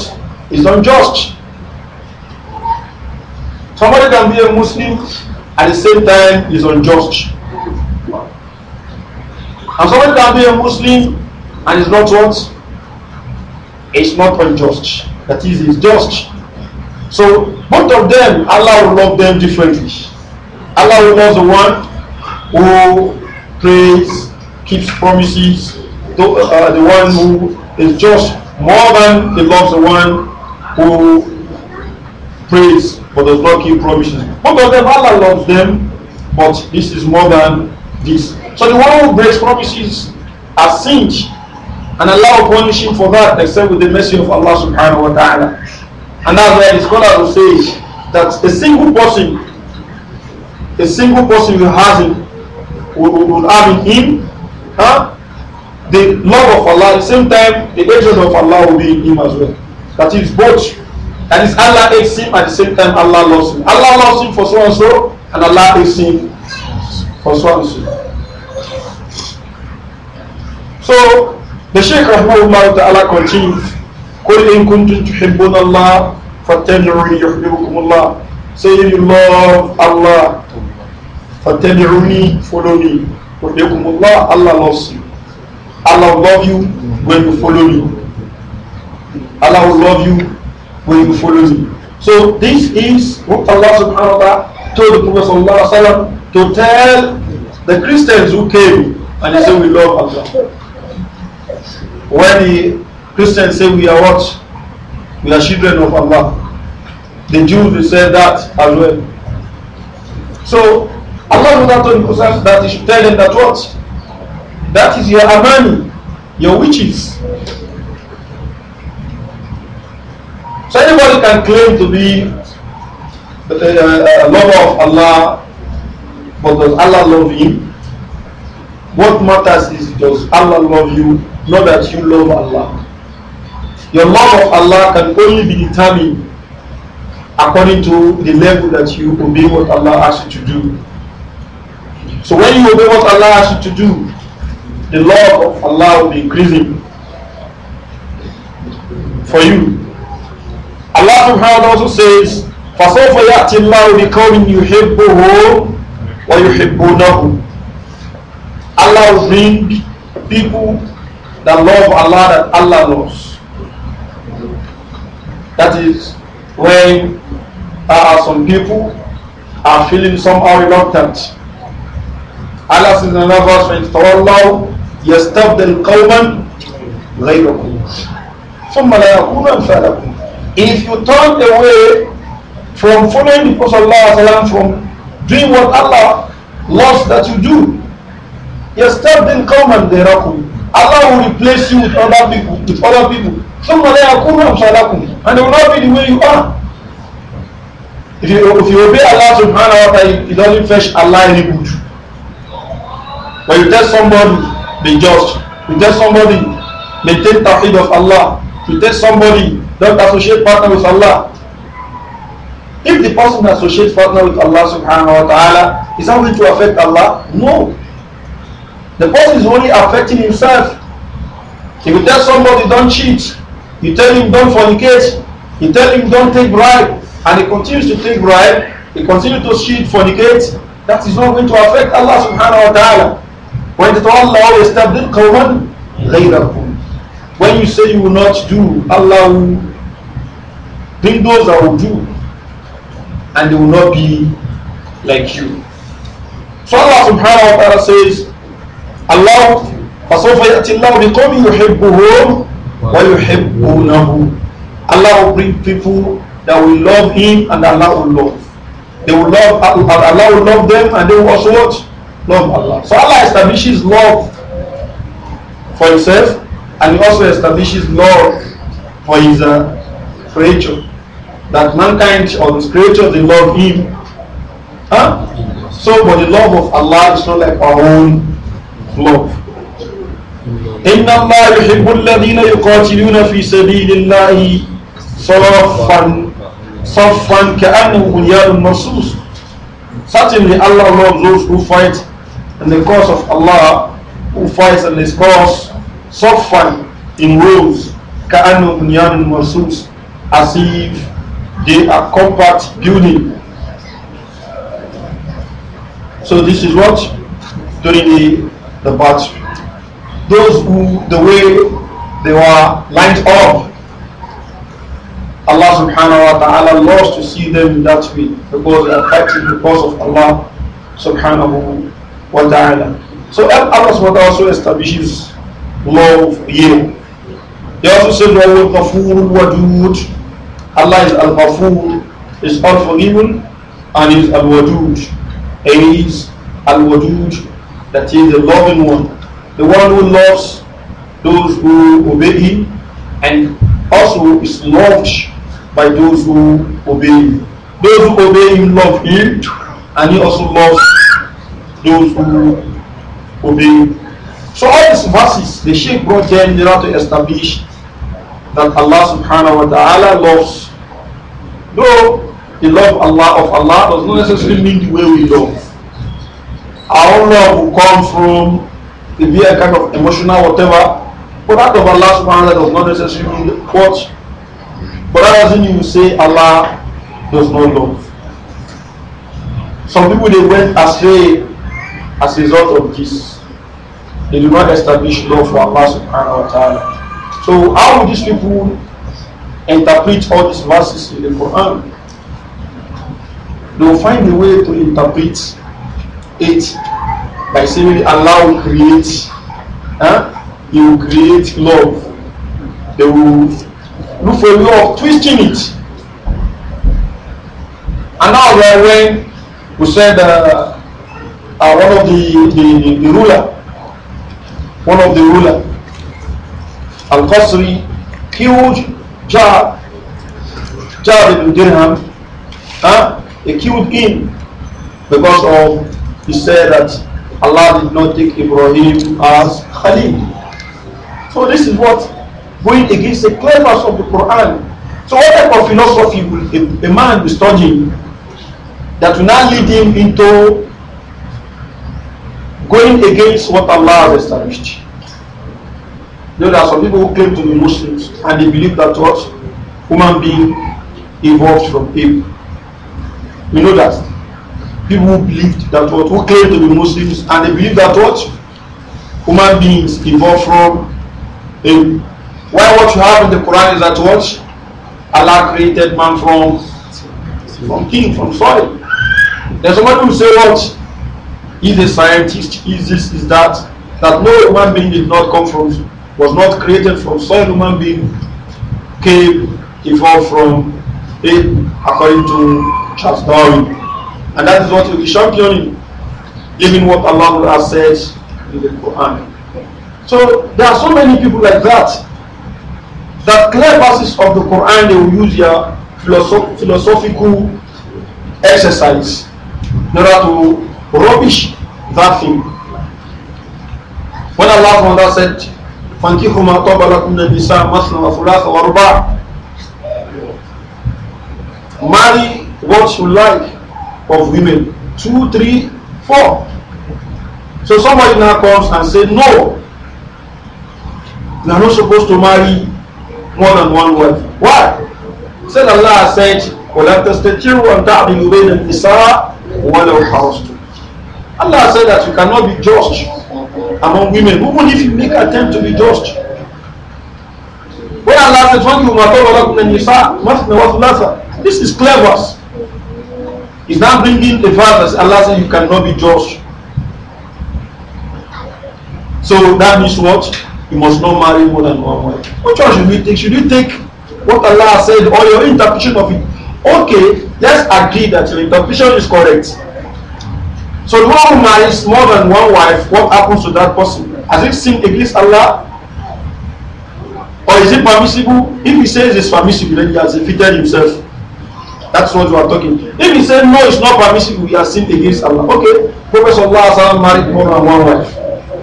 is unjust. Somebody can be a Muslim at the same time is unjust. And somebody can be a Muslim and is not what? It's not unjust. That is, it's just. So both of them, Allah will love them differently. Allah will love the one who prays, keeps promises, the, uh, the one who is just more than he loves the one who prays but does not keep promises. Both of them, Allah loves them, but this is more than this. So the one who breaks promises are sinned. And Allah will punish him for that except with the mercy of Allah subhanahu wa ta'ala. And that's why the will say that a single person, a single person who has it, will, will have in him huh? the love of Allah, at the same time the hatred of Allah will be in him as well. That is both. That is Allah hates him at the same time Allah loves him. Allah loves him for so and so and Allah hates him for so and so. So the Shaykh Rahmahullah Ta'ala continues, قُلْ إِن كُنْتُمْ تُحِبُّونَ اللَّهِ فَاتَّبِعُونِ يُحْبِبُكُمُ اللَّهِ Say if you love Allah, فَاتَّبِعُونِ follow me. يُحْبِبُكُمُ اللَّهِ Allah loves you. Allah will love you when you follow me. Allah will love you when you follow me. So this is what Allah subhanahu wa ta'ala told the Prophet sallallahu to tell the Christians who came and they said we love Allah. When the Christians say we are what? We are children of Allah. The Jews will said that as well. So Allah told us that He should tell them that what? That is your amani, your witches. So anybody can claim to be a uh, uh, lover of Allah, but does Allah love him? What matters is does Allah love you Know that you love Allah. Your love of Allah can only be determined according to the level that you obey what Allah asks you to do. So when you obey what Allah asks you to do, the love of Allah will be increasing for you. Allah subhanahu also says, فَسَوْفَ يَأْتِ اللَّهُ help يُحِبُّهُ وَيُحِبُّونَهُ Allah will bring people the love Allah that Allah loves. That is when uh, some people are feeling somehow reluctant. Allah says in another verse, فَإِنْ يَسْتَبْدَلْ قَوْمًا غَيْرَكُمْ ثُمَّ لَا يَكُونَ أَمْثَالَكُمْ If you turn away from following the Prophet from doing what Allah loves that you do, you يَسْتَبْدَلْ قَوْمًا غَيْرَكُمْ Allah will replace you with other people, with other people. Some of them are shalakum, and they will not be the way you are. If you, if you obey Allah subhanahu wa ta'ala, it doesn't fetch Allah any good. When you tell somebody, be just. You tell somebody, maintain tawhid of Allah. You tell somebody, don't associate partner with Allah. If the person associates partner with Allah subhanahu wa ta'ala, is that going to affect Allah? No. the person is only affecting himself. If you tell somebody don't cheat, you tell him don't fornicate, you tell him don't take bribe, and he continues to take bribe, he continues to cheat, fornicate, that is not going to affect Allah subhanahu wa ta'ala. When the Allah established Qawman, غيركم. When you say you will not do, Allah will bring those that will do, and they will not be like you. So Allah subhanahu wa ta'ala says, Allah فسوف يأتي الله بقوم يحبهم ويحبونه Allah will bring people that will love him and Allah will love. They will love Allah will love them and they will also what? Love Allah. So Allah establishes love for himself and he also establishes love for his uh, creature. That mankind or his creature they love him. Huh? So but the love of Allah is not like our own love. Inna Allah yuhibbul ladina yuqatiluna fi sabilillahi saffan saffan ka'annahu bunyanun marsus. Certainly Allah loves those who fight in the cause of Allah who fights in his cause saffan in rows ka'annahu bunyanun marsus as if they are compact building. So this is what during the the battle. Those who, the way they were lined up, Allah subhanahu wa ta'ala loves to see them in that way because they are fighting because of Allah subhanahu wa ta'ala. So Allah subhanahu wa ta'ala also establishes love here. He also says, Wa ghafur Allah is al ghafur is all forgiven and is al wadud. He is al wadud that he is the loving one, the one who loves those who obey him and also is loved by those who obey him. Those who obey him love him and he also loves those who obey him. So all these verses, the Sheikh brought them in order to establish that Allah subhanahu wa ta'ala loves. Though the love Allah of Allah does not necessarily mean the way we love. Our love will come from the be kind of emotional whatever. But that of Allah subhanahu wa ta'ala does not necessarily what but that doesn't mean you say Allah does not love. Some people they went astray as a result of this. They do not establish love for Allah subhanahu wa ta'ala. So how would these people interpret all these verses in the Quran? They will find a way to interpret it by saying Allah will create, huh? He will create love. They will look for love, twisting it. And now when we said uh, uh, one of the, the, the ruler, one of the ruler, Al-Qasri, killed Jar Ja'ad ibn Dirham, huh? he killed him because of he said that Allah did not take Ibrahim as Khalid. So this is what going against the cleverness of the Quran. So what type of philosophy will a, a man be studying that will now lead him into going against what Allah has established? There are some people who claim to be Muslims and they believe that what human being evolved from ape. We know that people who believed that what who claim to be Muslims and they believe that what human beings evolved from a why what you have in the Quran is that what Allah created man from from king, from soil. There's somebody who say what is a scientist, is this, is that, that no human being did not come from was not created from soil human being came evolved from it according to Charles Darwin. And that is what will be championing, living what Allah has said in the Quran. So there are so many people like that. That clear verses of the Quran they will use their philosoph philosophical exercise in order to rubbish that thing. When Allah Ta'ala said, فَانْكِحُ مَا طَبَ لَكُمْ نَبِسَا مَثْنَ وَثُلَاثَ وَرُبَعَ Marry what you like. of women. Two, three, four. So somebody now comes and says, No, you are not supposed to marry more than one wife. Why? Said Allah said, وَلَا تَسْتَتِرُوا أَنْ تَعْدِلُوا بَيْنَ النِّسَاءِ وَلَوْ حَرَصْتُمْ Allah said that you cannot be just among women, even if you make attempt to be just. When Allah said, وَأَنْ لَا تَتْوَنْكِهُ مَا تَوْلَكُمْ النِّسَاءِ مَثْنَ وَثُلَاثَ This is clever. He's now bringing the verse Allah said, You cannot be judged. So that means what? You must not marry more than one wife. Which one should we take? Should you take what Allah said or your interpretation of it? Okay, let's agree that your interpretation is correct. So the one who marries more than one wife, what happens to that person? Has it sinned against Allah? Or is it permissible? If he says it's permissible, then he has defeated himself. That's what we are talking. If he say no, it's not permissible, you are sinning against Allah. Okay, Prophet Sallallahu married more than one wife.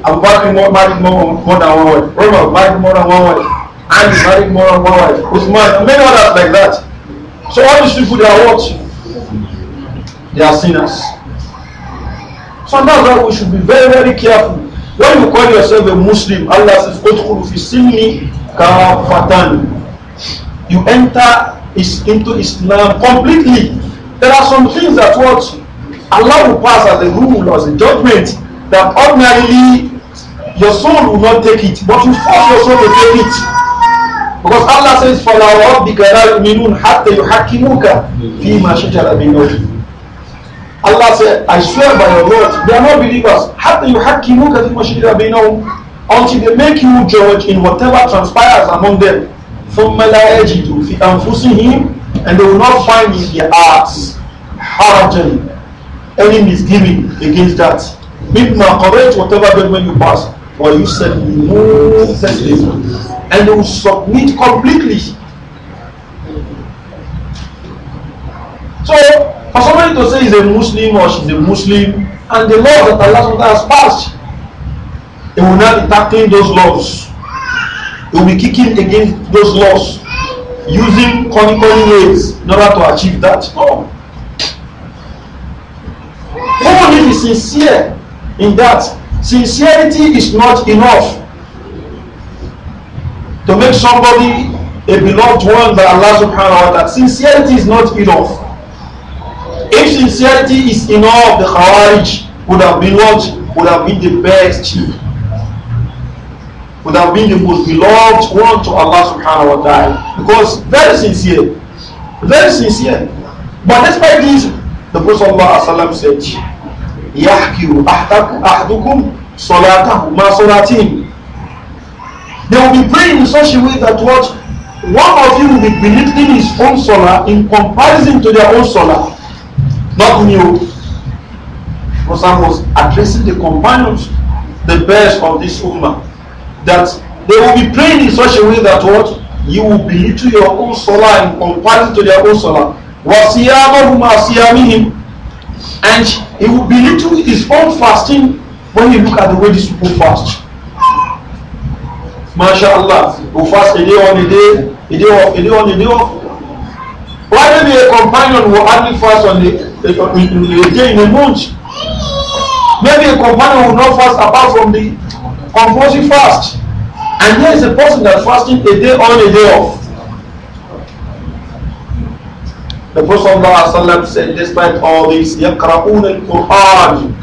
Abu Bakr married more, more than one wife. Umar married more than one wife. Ali married more than one wife. Uthman, many others like that. So all these people, they are what? They are sinners. So that's why we should be very, very careful. When you call yourself a Muslim, Allah says, "Utkhulu fi sinni kafatan." You enter is into Islam completely. There are some things that what Allah will pass as a rule, as a judgment, that ordinarily your soul will not take it, but you force your soul to take it. Because Allah says, "For our فَلَا رَبِّكَ لَا يُؤْمِنُونَ حَتَّى يُحَكِّمُوكَ فِي مَا شَجَرَ بَيْنَهُمْ Allah said, I swear by your Lord, they are not believers. حَتَّى يُحَكِّمُوكَ فِي مَا شَجَرَ بَيْنَهُمْ Until they make you judge in whatever transpires among them. ثم لا يجدوا في أنفسهم and they will not find in their hearts harajan any misgiving against that مما قضيت whatever judgment you pass you said ويسلموا تسليما and they will submit completely so for somebody to say he's a Muslim or she's a Muslim and the laws that Allah has passed they will not be tackling those laws will be kicking against those laws using conical ways in order to achieve that. No. Oh. Even if he's sincere in that, sincerity is not enough to make somebody a beloved one by Allah subhanahu wa ta'ala. Sincerity is not enough. If sincerity is enough, the Khawarij would have been what? Would have been the best Without being the most beloved one to Allah subhanahu wa ta'ala. Because very sincere. Very sincere. But despite this, the Prophet ﷺ said, يَحْكِرُ أَحْدُكُمْ صَلَاتَهُ مَا صَلَاتِهِمْ They will be praying in such a way that what one of you will be belittling his own salah in comparison to their own salah. Not new. Prophet was addressing the companions, the best of this ummah that they will be praying in such a way that what you will be belittle your own salah and compare to their own salah. وَصِيَامَهُمْ أَصِيَامِهِمْ And he will be belittle his own fasting when you look at the way these people fast. MashaAllah, who fast a day on a day, a day off, a day on a day off. Why maybe a companion will only fast on a, a, a, a day in a month? Maybe a companion will not fast apart from the compulsory fast. And here is a person that fasting a day on, a day off. The Prophet said, despite all this, يَقْرَؤُونَ الْقُرْآنِ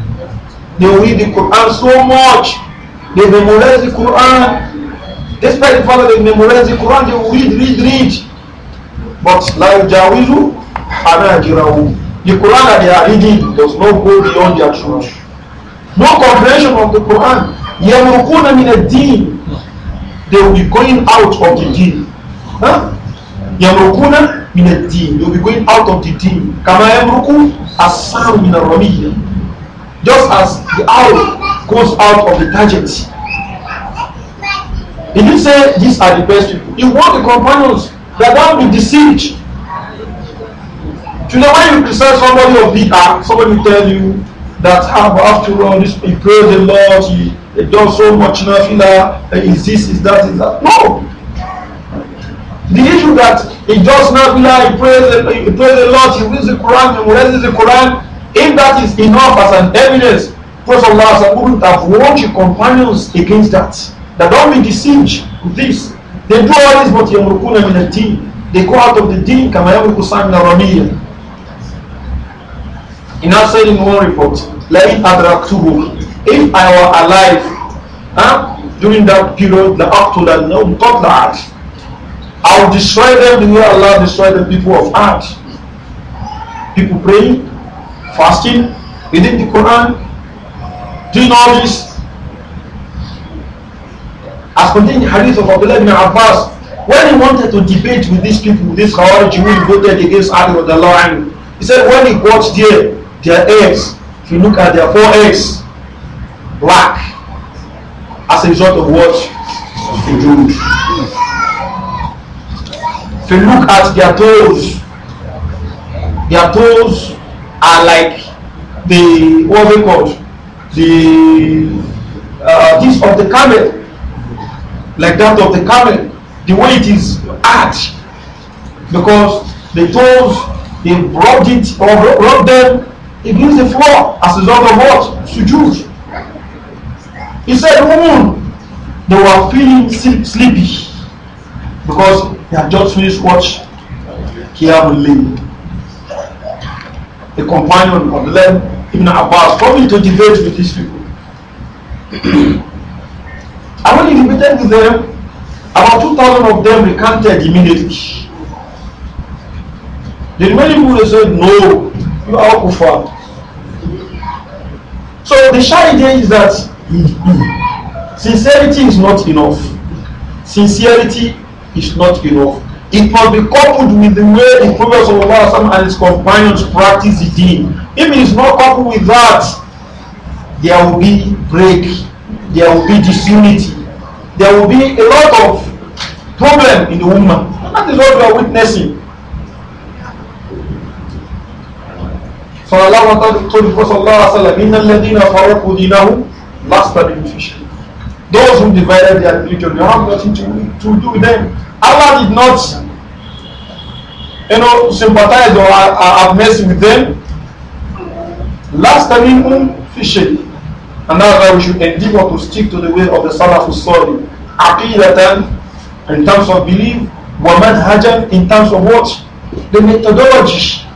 They read the Quran so much. They memorize the Quran. Despite the fact that they memorize the Quran, they read, read, read. But لَا يُجَاوِزُ حَنَاجِرَهُ The Quran that they are reading does not go beyond their truth. No comprehension of the Quran. yamrukuna min they will be going out of the deen yamrukuna min din they will be going out of the deen kama yamruku as min ar just as the arrow goes out of the target he didn't say these are the best people he warned the companions that they will be deceived know when you criticize somebody of act? somebody will tell you that ah, after all, this, he prayed the lot, he They've so much nafila, is this, is that, is that. No! The issue that he does nafila, he prays, he prays a lot, he reads the Quran, he reads the Quran, if that is enough as an evidence, Prophet Allah wouldn't have warned your companions against that. That don't be deceived with this. They do all this, but yamrukuna min al They go out of the din kama yamruku sa'min al-ramiyya. In our saying in one report, لَإِنْ أَدْرَكْتُهُ if I were alive huh, during that period, the no God عَدْ I would destroy them the way Allah destroyed the people of Ad. People praying, fasting, reading the Quran, doing all this. As contained in the hadith of Abdullah ibn Abbas, when he wanted to debate with these people, these Khawarij who voted against Ali, he said, when he got there, their eggs, if you look at their four eggs, Black as a result of what they do. If you look at their toes, their toes are like the what we call the uh, this of the camel, like that of the camel. The way it is at, because the toes they rubbed it or rubbed them against the floor as a result of what sujood. He said, Woman, they were feeling sleepy because they had just finished what? Qiyamul uh, Layl. The companion of Len Ibn Abbas coming to debate with these people. and when he debated with them, about 2,000 of them recanted immediately. The remaining people said, No, you are Kufar. So the shy idea is that Sincerity is not enough. Sincerity is not enough. It must be coupled with the way the Prophet and his companions practice the deen. If it is not coupled with that, there will be break, there will be disunity, there will be a lot of problem in the woman. That is what we are witnessing. So Allah told the Prophet, إن الذين فرقوا دينهم Master beneficiary. Those who divided their religion, you have nothing to, to do with them. Allah did not, you know, sympathize or uh, uh, have mercy with them. Last time, fishing. And that's why we should endeavor to stick to the way of the Salafus Salih. Aqidatan, in terms of belief, wa manhajan, in terms of what? The methodology.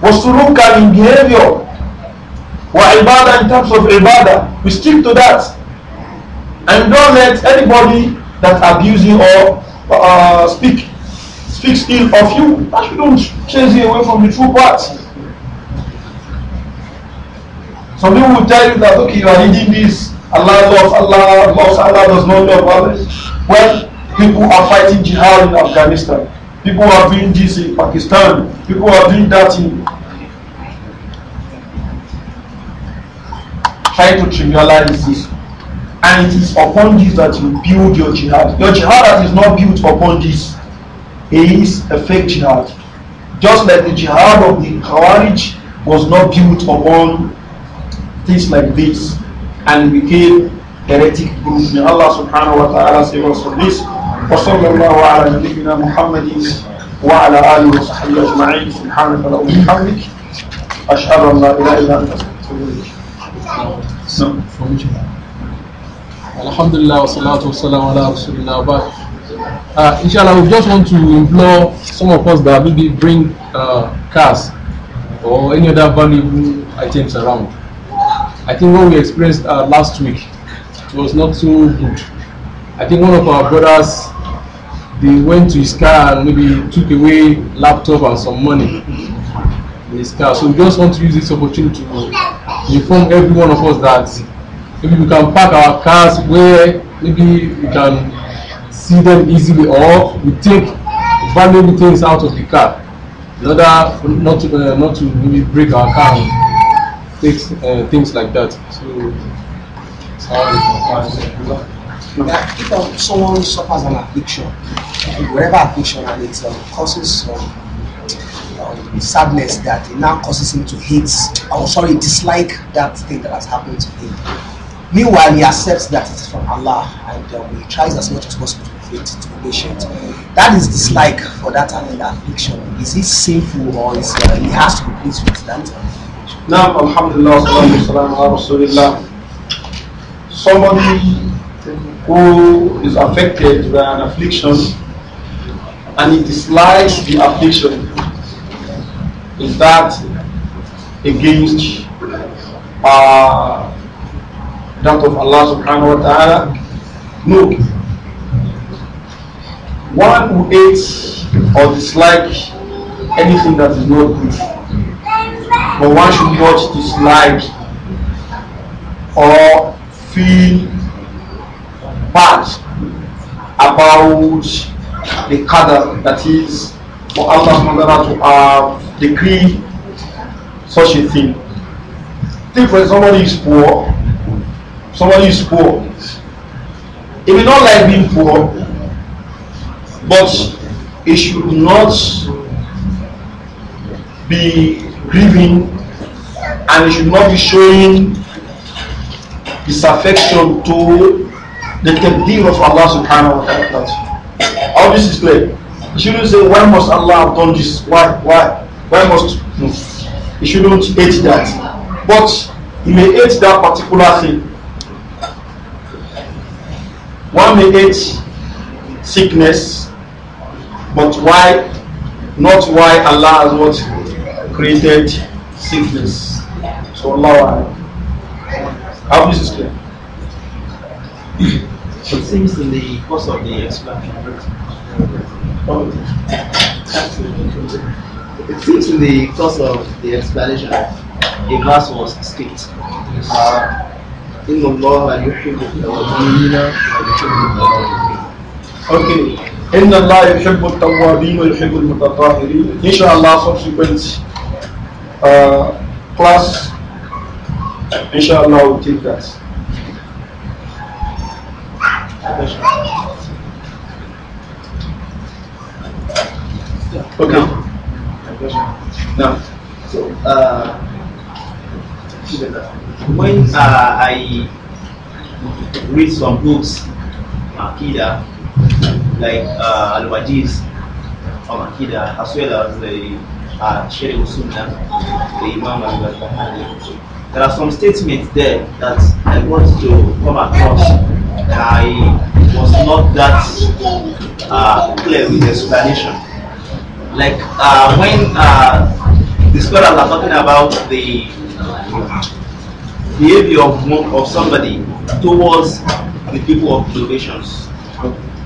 was Wasulukan, in behavior. Well, ibadah in terms of ibadah, we stick to that. And don't let anybody that abuse you or uh, speak speaks ill of you. That should don't chase you away from the true path. Some people will tell you that okay, you are reading this. Allah loves Allah loves Allah does not love others. Well, people are fighting jihad in Afghanistan. People are doing this in Pakistan. People are doing that in try to trivialize this. And it is upon this that you build your jihad. Your jihad is not built upon this it is a fake jihad. Just like the jihad of the Khawarij was not built upon things like this and became heretic group. May Allah subhanahu wa ta'ala save us from this. وصلى الله على نبينا محمد وعلى آله وصحبه أجمعين سبحانك اللهم وبحمدك أشهد أن لا إله إلا أنت أستغفرك so, from which one? Alhamdulillah, wassalatu wassalamu ala rasulillah. uh, inshallah, we just want to implore some of us that maybe bring uh, cars or any other valuable items around. I think what we experienced uh, last week was not so good. I think one of our brothers, they went to his car and maybe took away laptop and some money in his car. So we just want to use this opportunity to inform every one of us that maybe we can park our cars where maybe we can see them easily or we take valuable things out of the car in order not to, uh, not to maybe break our car and take uh, things like that. So, if um, someone suffers an addiction, whatever addiction and it uh, causes some um, um, sadness that it now causes him to hate, or oh, sorry, dislike that thing that has happened to him. Meanwhile, he accepts that it's from Allah and uh, he tries as much as possible to to be patient. That is dislike for that and affliction. Is it sinful or is uh, he has to be pleased with that? Now, Alhamdulillah, Somebody who is affected by an affliction and he dislikes the affliction is that against uh, that of Allah subhanahu wa ta'ala? No. One who hates or dislikes anything that is not good, but one should not dislike or feel bad about the qadr that is for Allah subhanahu wa ta'ala to have decree such a thing. Think when somebody is poor, somebody is poor. He may not like being poor, but he should not be grieving and he should not be showing disaffection to the takdir of Allah subhanahu wa ta'ala. All this is clear. You shouldn't say, why must Allah have done this? Why? Why? Why must no? He shouldn't hate that. But he may hate that particular thing. One may hate sickness, but why not why Allah has not created sickness. So Allah how this is clear. It seems in the course of the expansion. it seems in the course of the explanation, a verse was skipped. Uh, إن الله يحب التوابين ويحب المتطهرين. Okay. إن الله Inshallah subsequent uh, class. Inshallah we'll take that. Okay. No. Now, so uh, when uh, I read some books, Akida, like uh, Al Wajiz from Akida, as well as the uh, Sheikh the Imam Al Bahari, there are some statements there that I want to come across. I was not that uh, clear with explanation like uh, when uh, the scholars are talking about the behavior of, of somebody towards the people of innovations.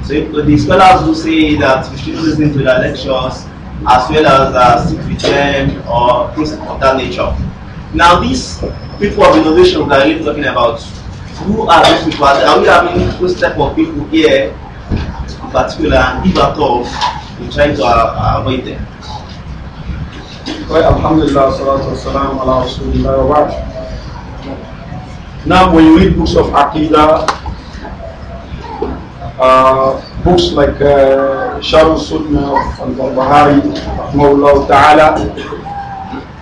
So the scholars will say that we should listen to their lectures as well as uh, sit with them or things of that nature. Now these people of innovation that we're talking about, who are these people? Are we having those type of people here in particular and if at all we try to avoid them. Alhamdulillah, Now, when you read books of akida, uh, books like uh, Sharh Sunnah of Al-Bahari, Mawlaw Ta'ala,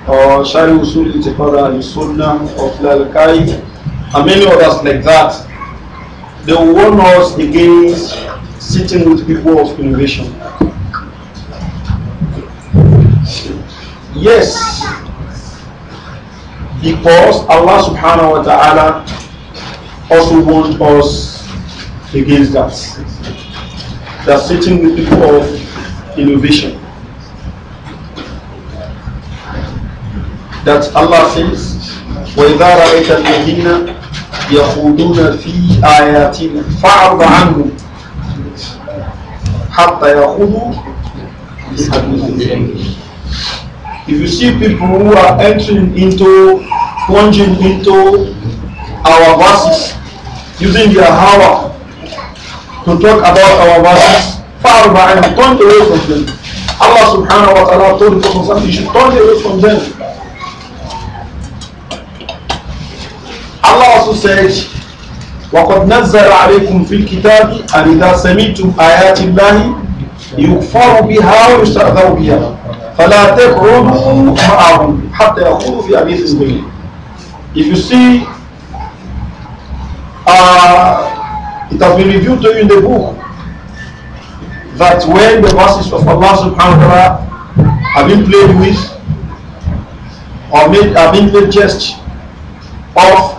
or Sharh Usul Intifada Al-Sunnah of Lal-Kai, and many others like that, they warn us against sitting with people of innovation. Yes, because Allah subhanahu wa ta'ala also warned us against that. They are sitting with people of innovation. That Allah says, وإذا رأيت الذين يخوضون في آياتنا فأعرض عنهم حتى يخوضوا في حديث If you see people who are entering into, plunging into our verses, using their hour to talk about our verses, far behind, turn away from them. Allah subhanahu wa ta'ala told the Prophet, you should turn away from them. Allah also said, وقد نزل عليكم في الكتاب أن إذا سمعتم آيات الله يكفر بها ويستأذوا بها فَلَا تَقْعُدُوا مَعَهُمْ حَتَّى يَقُولُوا فِي حَدِيثٍ غَيْرِهِ If you see, uh, it has been revealed to you in the book that when the verses of Allah subhanahu wa ta'ala have been played with or made, have been made jest of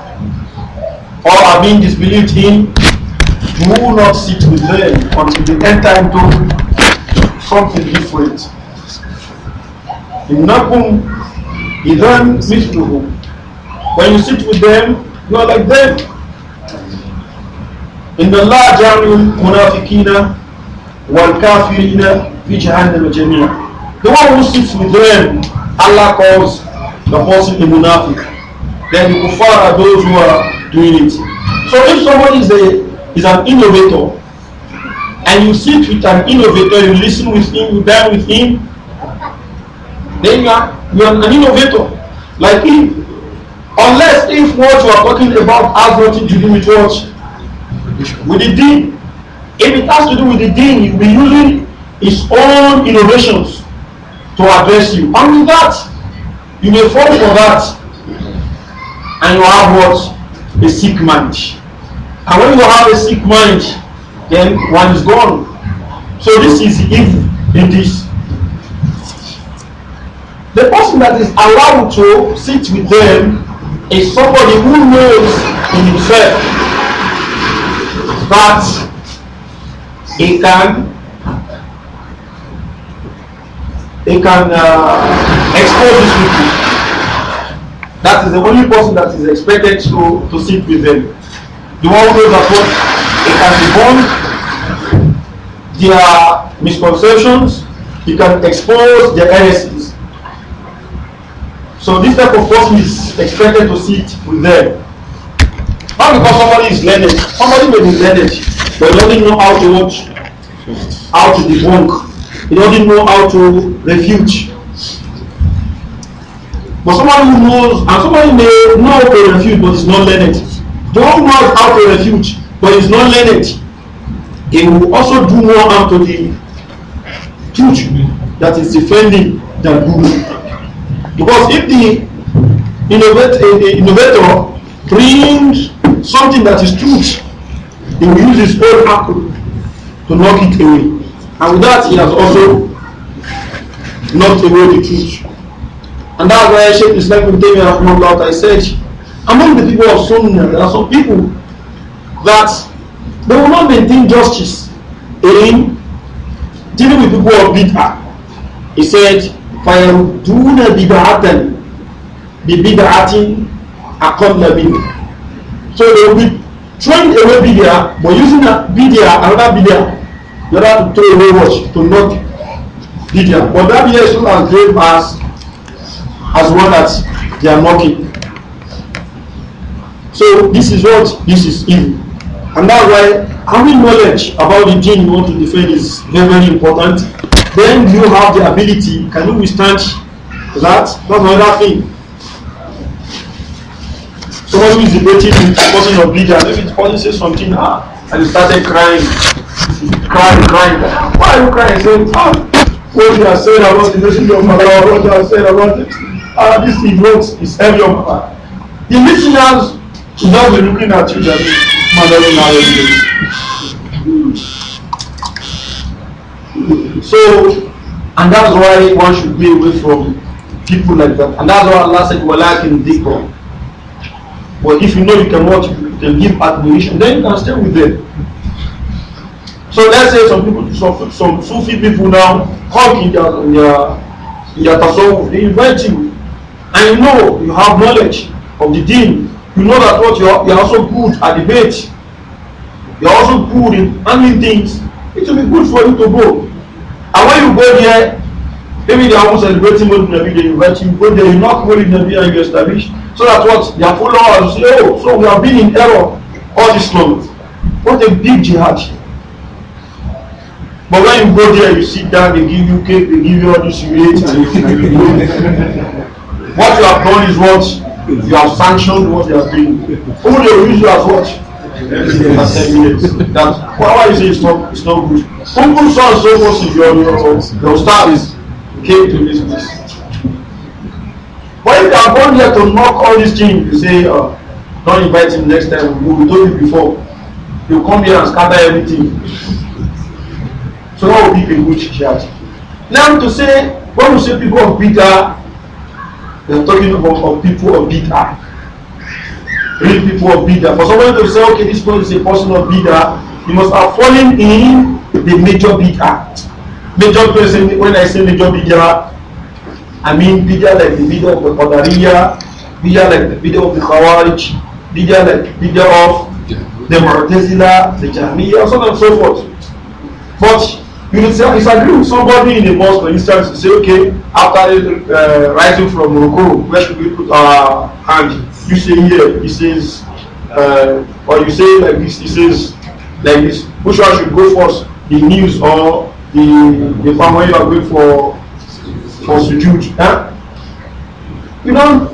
or have been disbelieved in, do not sit with them until they enter into something different. Innakum idhan mithluhum. When you sit with them, you are like them. إن الله جعل المنافقين والكافرين في جهنم جميعا. The one who sits with them, Allah calls the person a munafiq. Then the kuffar are those who are doing it. So if somebody is a is an innovator, and you sit with an innovator, you listen with him, you dine with him, then you are are an innovator like him. Unless if what you are talking about has nothing to do with what with the dean. If it has to do with the dean, he will be using his own innovations to address you. And with that, you may fall for that. And you have what? A sick mind. And when you have a sick mind, then one is gone. So this is evil in this. The person that is allowed to sit with them is somebody who knows in himself that he can he can uh, expose these truth. That is the only person that is expected to, to sit with them. The one who knows that what he can debunk their misconceptions, he can expose their heresies. So this type of person is expected to sit with them. Not because somebody is learned. Somebody may be learned, but doesn't know how to watch, how to debunk. He doesn't know how to refute. But somebody who knows, and somebody may know how to refute, but is not learned. The one who knows how to refute, but is not learned, he will also do more harm to the truth that is defending the good. Because if the innovator, eh, innovator brings something that is truth, he will use his own apple to knock it away. And with that, he has also knocked away the truth. And that's why Sheikh Islam Ibn Taymiyyah I said, among the people of Sunnah, there are some people that they will not maintain justice in dealing with people of bid'ah. He said, فَيَرُدُّونَ بِدْعَةً بِبِدْعَةٍ أَقَلَّ مِنْهُ So they will be throwing away bidia, but using a bidia, another bidia, in order to throw away watch, to not bidia. But that bidia is not as grave as, as one that they are knocking. So this is what this is in, And that's why having knowledge about the gene you want to defend is very, very important. then do you have the ability? Can you withstand that? That's another thing. Somebody who is debating with the person of media. maybe the person says something, ah, and you started crying, crying, crying. Why are you crying? Saying, ah, what you are saying about the nation of Allah, what you are saying about it, ah, this evokes is heavy on Allah. The listeners should not be looking at you, that is, man, So, and that's why one should be away from people like that. And that's why Allah said, in dhikr. But if you know you can watch, you can give admiration, then you can stay with them. So let's say some people, suffer. some Sufi people now, hawk in their, in their, in their tasawwuf, they invite you. And you know, you have knowledge of the deen. You know that what you are, you are also good at debate. You are also good in handling things. It will be good for you to go. And when you go there, maybe they are celebrating Modi Nabi, they invite you, go there, you knock Modi Nabi and you establish. So that what? Their followers say, oh, so we have been in error all this long. What a big jihad. But when you go there, you see that they give you cake, they give you all this, you eat, and you, you What you have done is what? You have sanctioned what they are doing. Who they use you as what? everything That why you say not it's not good. Uncle son so much if your your star is came to this place. But if they are born here to knock all these things, you say, uh, don't invite him next time. We told you before. You come here and scatter everything. So that will be a good church. Now to say when we say people of Peter, are talking about, of people of Peter. real people of Bida. For somebody to say, okay, this person is a person of Bida, you must have fallen in the major Bida. Major person, when I say major Bida, I mean Bida like the video of the Qadariya, Bida like the Bida of the Khawarij, Bida like Bida of the Mu'tazila, the Jahmiya, so on and so forth. But you disagree with somebody in the mosque, for instance, to say, okay, after uh, rising from Ruku, where should we put our hand? you say here, he says, uh, or you say like this, he says like this, which one should go first, the news or the the family you are going for for sujood? Huh? You don't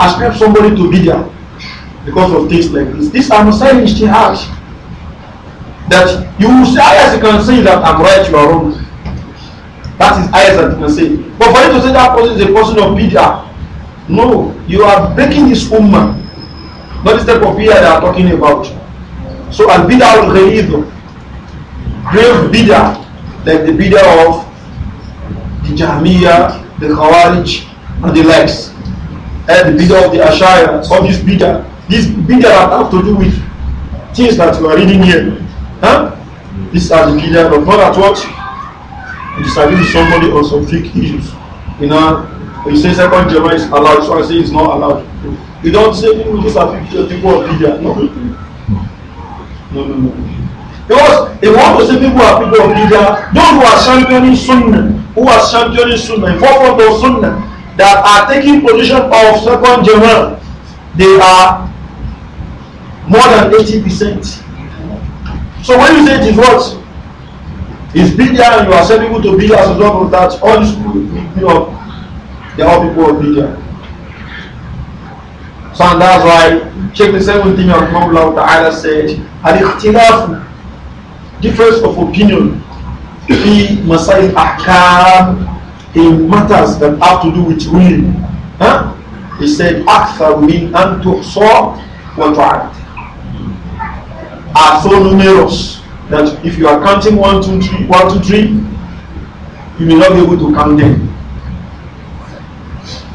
expect somebody to be there because of things like this. This I'm saying are too ishtihad. That you will say, as you can say that I'm right, you are wrong. That is I as you can say. But for you to say that person is a person of bid'ah, no, you are breaking this ummah. What is the popiah they are talking about. So al bidah al ghaidh, grave bidah, like the bidah of the Jahmiya, the Khawarij, and the likes, and the bidah of the Ashaya, all these bidah. These bidah have to do with things that you are reading here. Huh? These are the bidah, but not at what you disagree with somebody on some fake issues. You know, you say second Juma is allowed, so I say it's not allowed. You don't say people just are people of Libya. No. Hmm. No, no, no. Because they want to say people are people of Libya, those who are championing Sunnah, who are championing Sunnah, in forefront of Sunnah, that are taking position of second Juma, they are more than eighty percent. So when you say divorce, is what? It's Bidya and you are sending people to Bidya as a result of that, all these people, you know, They're all people of media. So and that's why Sheikh the same Thing of Ta'ala said, Al-Ikhtilaf, difference of opinion, fi masail ahkam, in matters that have to do with will. Huh? He said, أكثر من أن تحصى وتعد. Are so numerous that if you are counting one, two, three, one, two, three, you may not be able to count them.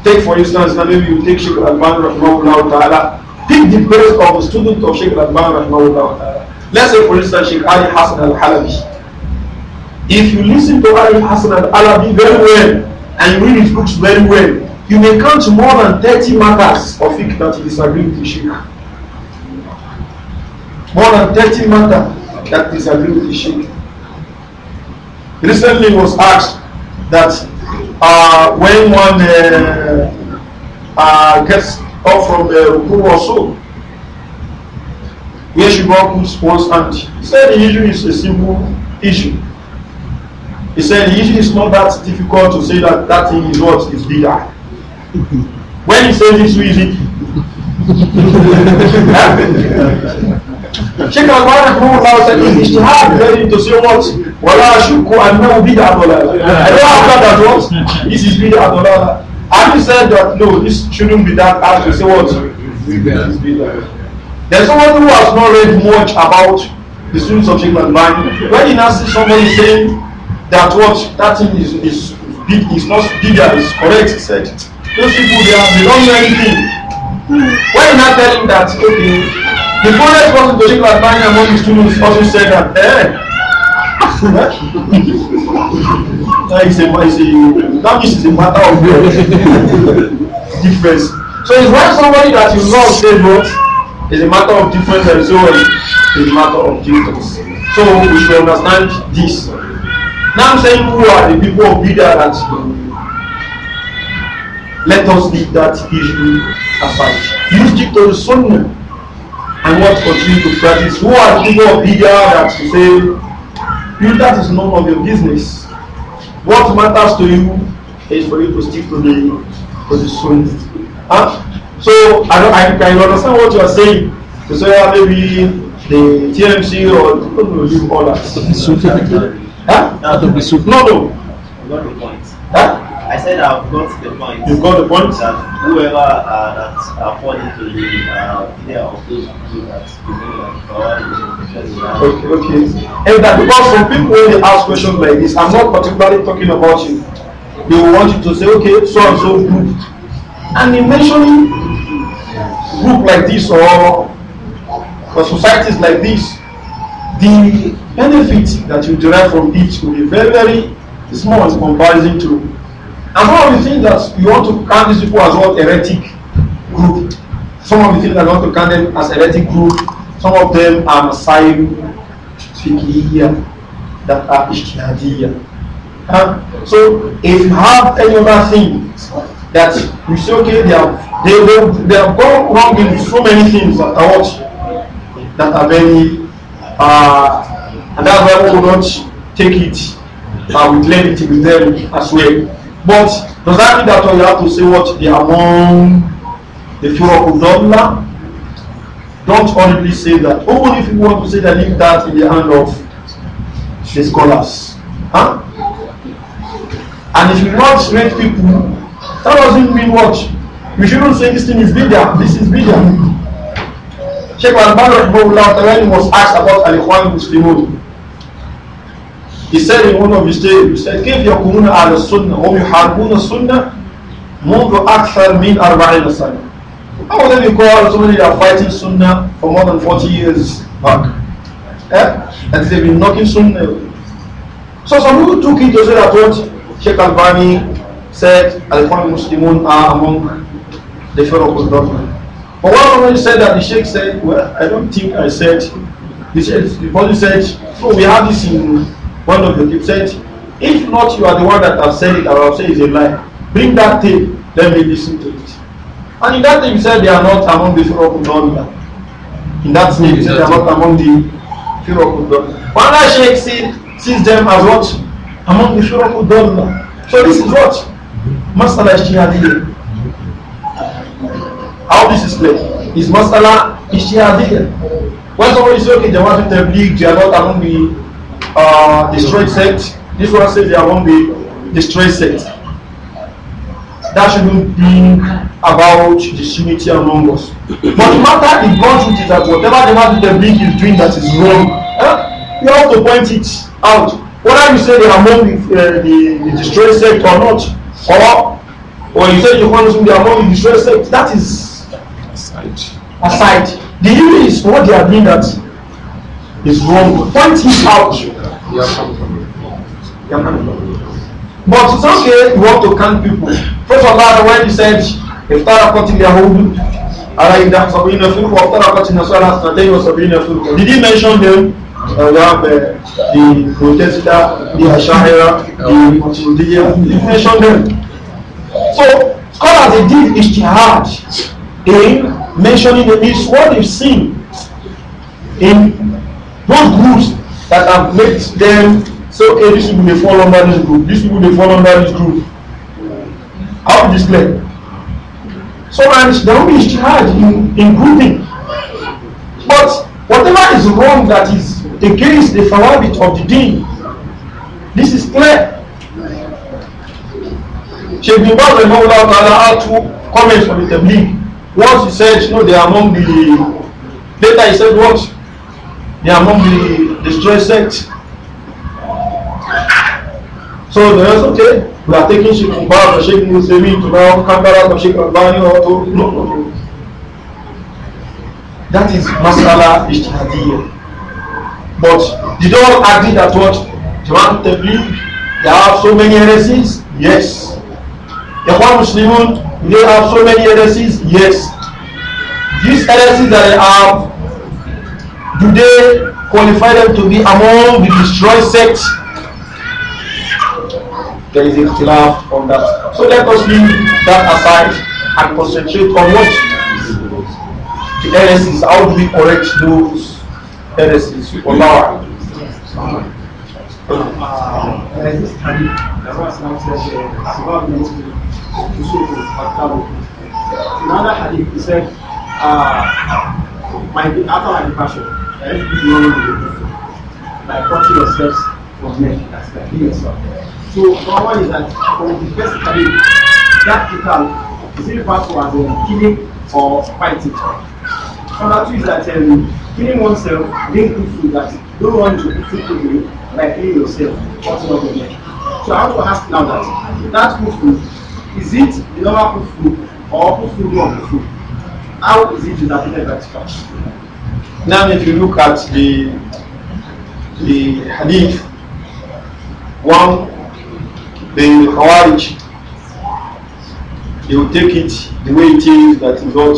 Take for instance, now maybe you take Sheikh Al-Ban Rahmahullah Ta'ala, pick the best of a student of Sheikh Al-Ban Rahmahullah Ta'ala. Let's say for instance Sheikh Ali Hassan Al-Halabi. If you listen to Ali Hassan Al-Halabi very well, and you read his books very well, you may count more than 30 matters of it that you disagree with the Sheikh. More than 30 matters that disagree with the Sheikh. Recently was asked that uh, when one uh, uh, gets up from the Ruku or so, where she welcomes one's aunt. He said the issue is a simple issue. He said the issue is not that difficult to say that that thing is what is bigger. when he says it's easy, Sheikh Al-Bani said, it's hard to say what wọ́n lọ́wọ́ ṣùkú anáwó bídà àdọ́là ẹ̀rọ àkàdà tó this is bídà àdọ́là have you said that no this shouldn't be that hard to say what there's someone who has not read much about the students of Sheikh al when he now see somebody saying that what that thing is is big is not bigger is correct he said those people they are they don't know anything when he now tell him that okay the foreign person to Sheikh al among the students also said that eh that is a, is a, that means it's a matter of difference. So it's when somebody that you love say what is a matter of difference and so it's a matter of difference. So we should understand this. Now I'm saying who are the people of Bida that let us leave that issue aside. You stick to the Sunnah and what continue to practice. Who are the people of Bida that you say you that is none of your business what matters to you is for you to stick to the to the sunnah huh? so i don't i can understand what you are saying to say yeah, maybe the tmc or no, you all that huh? no no I said I've got the point. You've got the point? That whoever uh, that according to the uh, of those people that believe that power is Okay, okay. And that because some people, when they ask questions like this, I'm not particularly talking about you. They want you to say, okay, so and so group. And in mentioning group like this or, or societies like this, the benefit that you derive from each will be very, very small in comparison to and some of the things that you want to count these people as what heretic group. Some of the things that you want to count them as heretic group. Some of them are Masai Fiqhiyya that are Ishtihadiyya. So if you have any other thing that you say, okay, they have, they, they, they have gone wrong in so many things that are what? That are very, uh, and that's why we will not take it uh, with levity with them as well. But does that mean that you have to say what they are among the few Firaq Udalla? Don't only say that. Only if you want to say that, leave that in the hand of the scholars. Huh? And if you not straight people, that doesn't mean what? You shouldn't say this thing is bigger, this is bigger. Sheikh Al-Bani was asked about Al-Ikhwan Muslimun. He said in one of his days, he said, كيف يكونون على السنة هم يحاربون السنة منذ أكثر من أربعين سنة. How many they be called somebody that are fighting Sunnah for more than 40 years back? Eh? And they've been knocking Sunnah. So some people took it to say that what Sheikh Albani said, Al-Quran Muslimun are among the fear of government. But one somebody said that the Sheikh said, well, I don't think I said, the, sheikh, the person said, so oh, we have this in one of you said, if not you are the one that has said it, I will say is a lie. Bring that tape, then they listen to it. And in that tape, he said they are not among the Firokundonga. In that tape, he said they are not among the Firokundonga. But Allah Sheikh sees them as what? Among the Firokundonga. So this is what? Masala Shihadiyya. How this is played? Is Masala Shihadiyya. When somebody says, okay, they want to tabligh, they are not among the uh, the sect. This one says they are among the, the straight sect. That shouldn't be about disunity among us. But the matter is God truth is that whatever the man they bring is doing that is wrong, eh? you have to point it out. Whether you say they are among the, uh, the, the destroyed sect or not, or or you say you want to be among the destroyed sect, that is aside. aside. The issue is what they are doing that is wrong. Point it out. But it's okay, you want to count people. First of all, when you said, if Tara caught in their home, على إذا سبعين فرقة وافترقت النسوة على اثنتين وسبعين فرقة. Did he mention them? Uh, we have uh, the protester, the Ashaira, the Did he mention them. So as they did ijtihad in mentioning the is what they've seen in Those groups that have made them so hey, these people the fall under this group, these people the fall under this group. How to display? So and there only be charge in, in grouping. But whatever is wrong that is against the fawabit of the deen, this is clear. Sheikh bin Baz had two comments from the Tabligh. Once he said, you know, they are among the... Later he said, what? they are among the destroyed sect. So the are okay. We are taking Sheikh Mubarak or Sheikh Musemi to now Kankara of Sheikh Albani or to no, no, no. That is Masala Ishtihadiyya. But did all agree that what Jaman Tabligh they have so many heresies? Yes. Ikhwan Muslimun they have so many heresies? Yes. These heresies that they have do they qualify them to be among the destroyed sects? There is a khilaf on that. So let us leave that aside and concentrate on what the heresies. How do we correct those heresies? Allah. Uh, in other hadith, he said, uh, my, after my depression, That if you know by cutting yourself from men, that's by killing yourself. So number one is that from the first time that you is it referred to as um, killing or fighting. Number two is that um, killing oneself being good food that don't want to eat food to by killing yourself, cutting off your neck. So I want to ask now that that good food, is it the normal good food or good food not good food? How is it interpreted by the scripture? Now, if you look at the the hadith, one, the Khawarij, they will take it the way it is that is not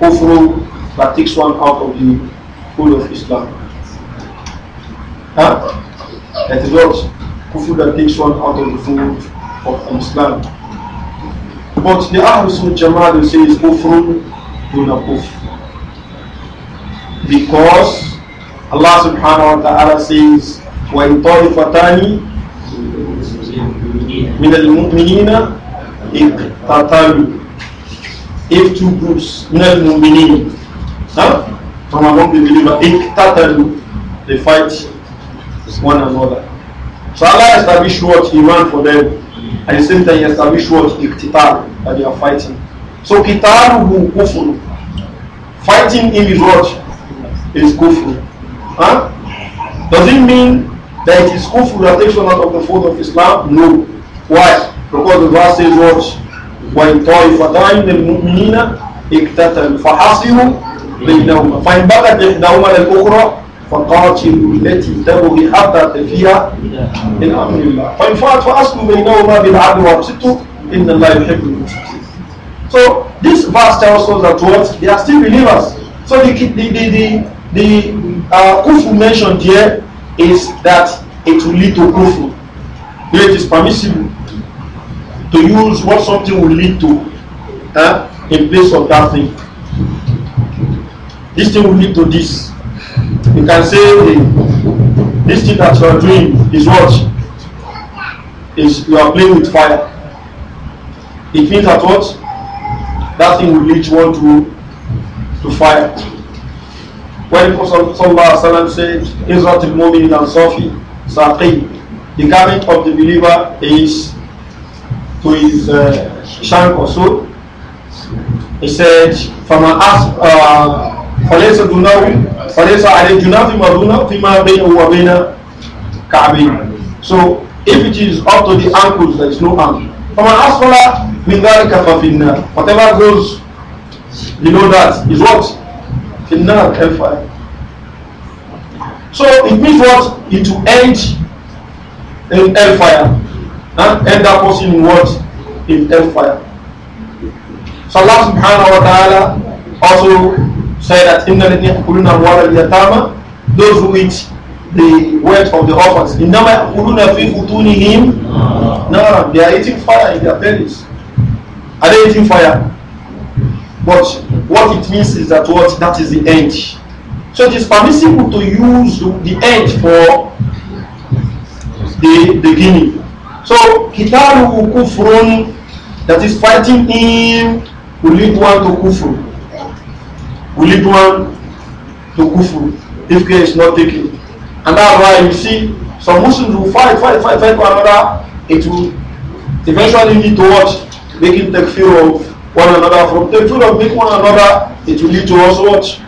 kufru that takes one out of the whole of Islam. Huh? That is what kufru that takes one out of the whole of Islam. But the Ahlus Sunnah says will say is kufru duna kufru because Allah subhanahu wa ta'ala says وَإِنْ طَائِفَتَانِ مِنَ الْمُؤْمِنِينَ اقْتَتَلُوا If two groups, مِنَ الْمُؤْمِنِينَ huh? From among the believers, اقْتَتَلُوا They fight one another. So Allah established what Iman for them. At the same time, He established what Iqtital, that they are fighting. So قِتَالُهُ كُفْرٌ Fighting in his what? is kufr. Huh? Does it mean that it is kufr that takes one out of the fold of Islam? No. Why? Because the verse says what? وَإِنْ طَائِفَتَانِ مِنَ الْمُؤْمِنِينَ اِكْتَتَلْ فَحَصِرُوا بَيْنَهُمَا فَإِنْ بَغَتْ إِحْدَاهُمَا لَلْأُخْرَى فقاتلوا التي تبغي حتى تفيها من امر الله فان فات فاصلوا بينهما بالعدل وابسطوا ان الله يحب المقسطين So this verse tells us that what they are still believers. So the, the, the, the The uh, kufu mentioned here is that it will lead to kufu. it is permissible to use what something will lead to huh, in place of that thing. This thing will lead to this. You can say hey, this thing that you are doing is what? Is you are playing with fire. It means that what? That thing will lead one to, to fire. When the Prophet ﷺ said, Israt al Mumin and Safi, Saqi, the garment of the believer is to his uh, shank or so. He said, فَمَا أَصْ فَلَيْسَ دُنَاهُ فَلَيْسَ عَلَيْهِ جُنَاهُ فِي مَا فِي مَا بَيْنَهُ وَبَيْنَ كَعْبَيْهِ So, if it is up to the ankles, there is no ankle. فَمَا أَصْفَلَ مِنْ ذَلِكَ فَفِي النَّارِ Whatever goes below that is what? finnar hellfire. So it means what? It will end in hellfire. And end that person in what? In hellfire. So Allah subhanahu wa ta'ala also said that in the those who eat the wealth of the orphans. In إنما يأكلون في بطونهم No, They are eating fire in their bellies. Are they eating fire? But what it means is that what that is the end. So it is permissible to use the end for the beginning. So kitalu kufrun that is fighting him will lead one to kufru. Will lead one to kufru if care is not taken. And that why you see some Muslims will fight, fight, fight, fight one another. It will eventually lead to what? Making takfir of one another from the truth of making one another it will lead to us what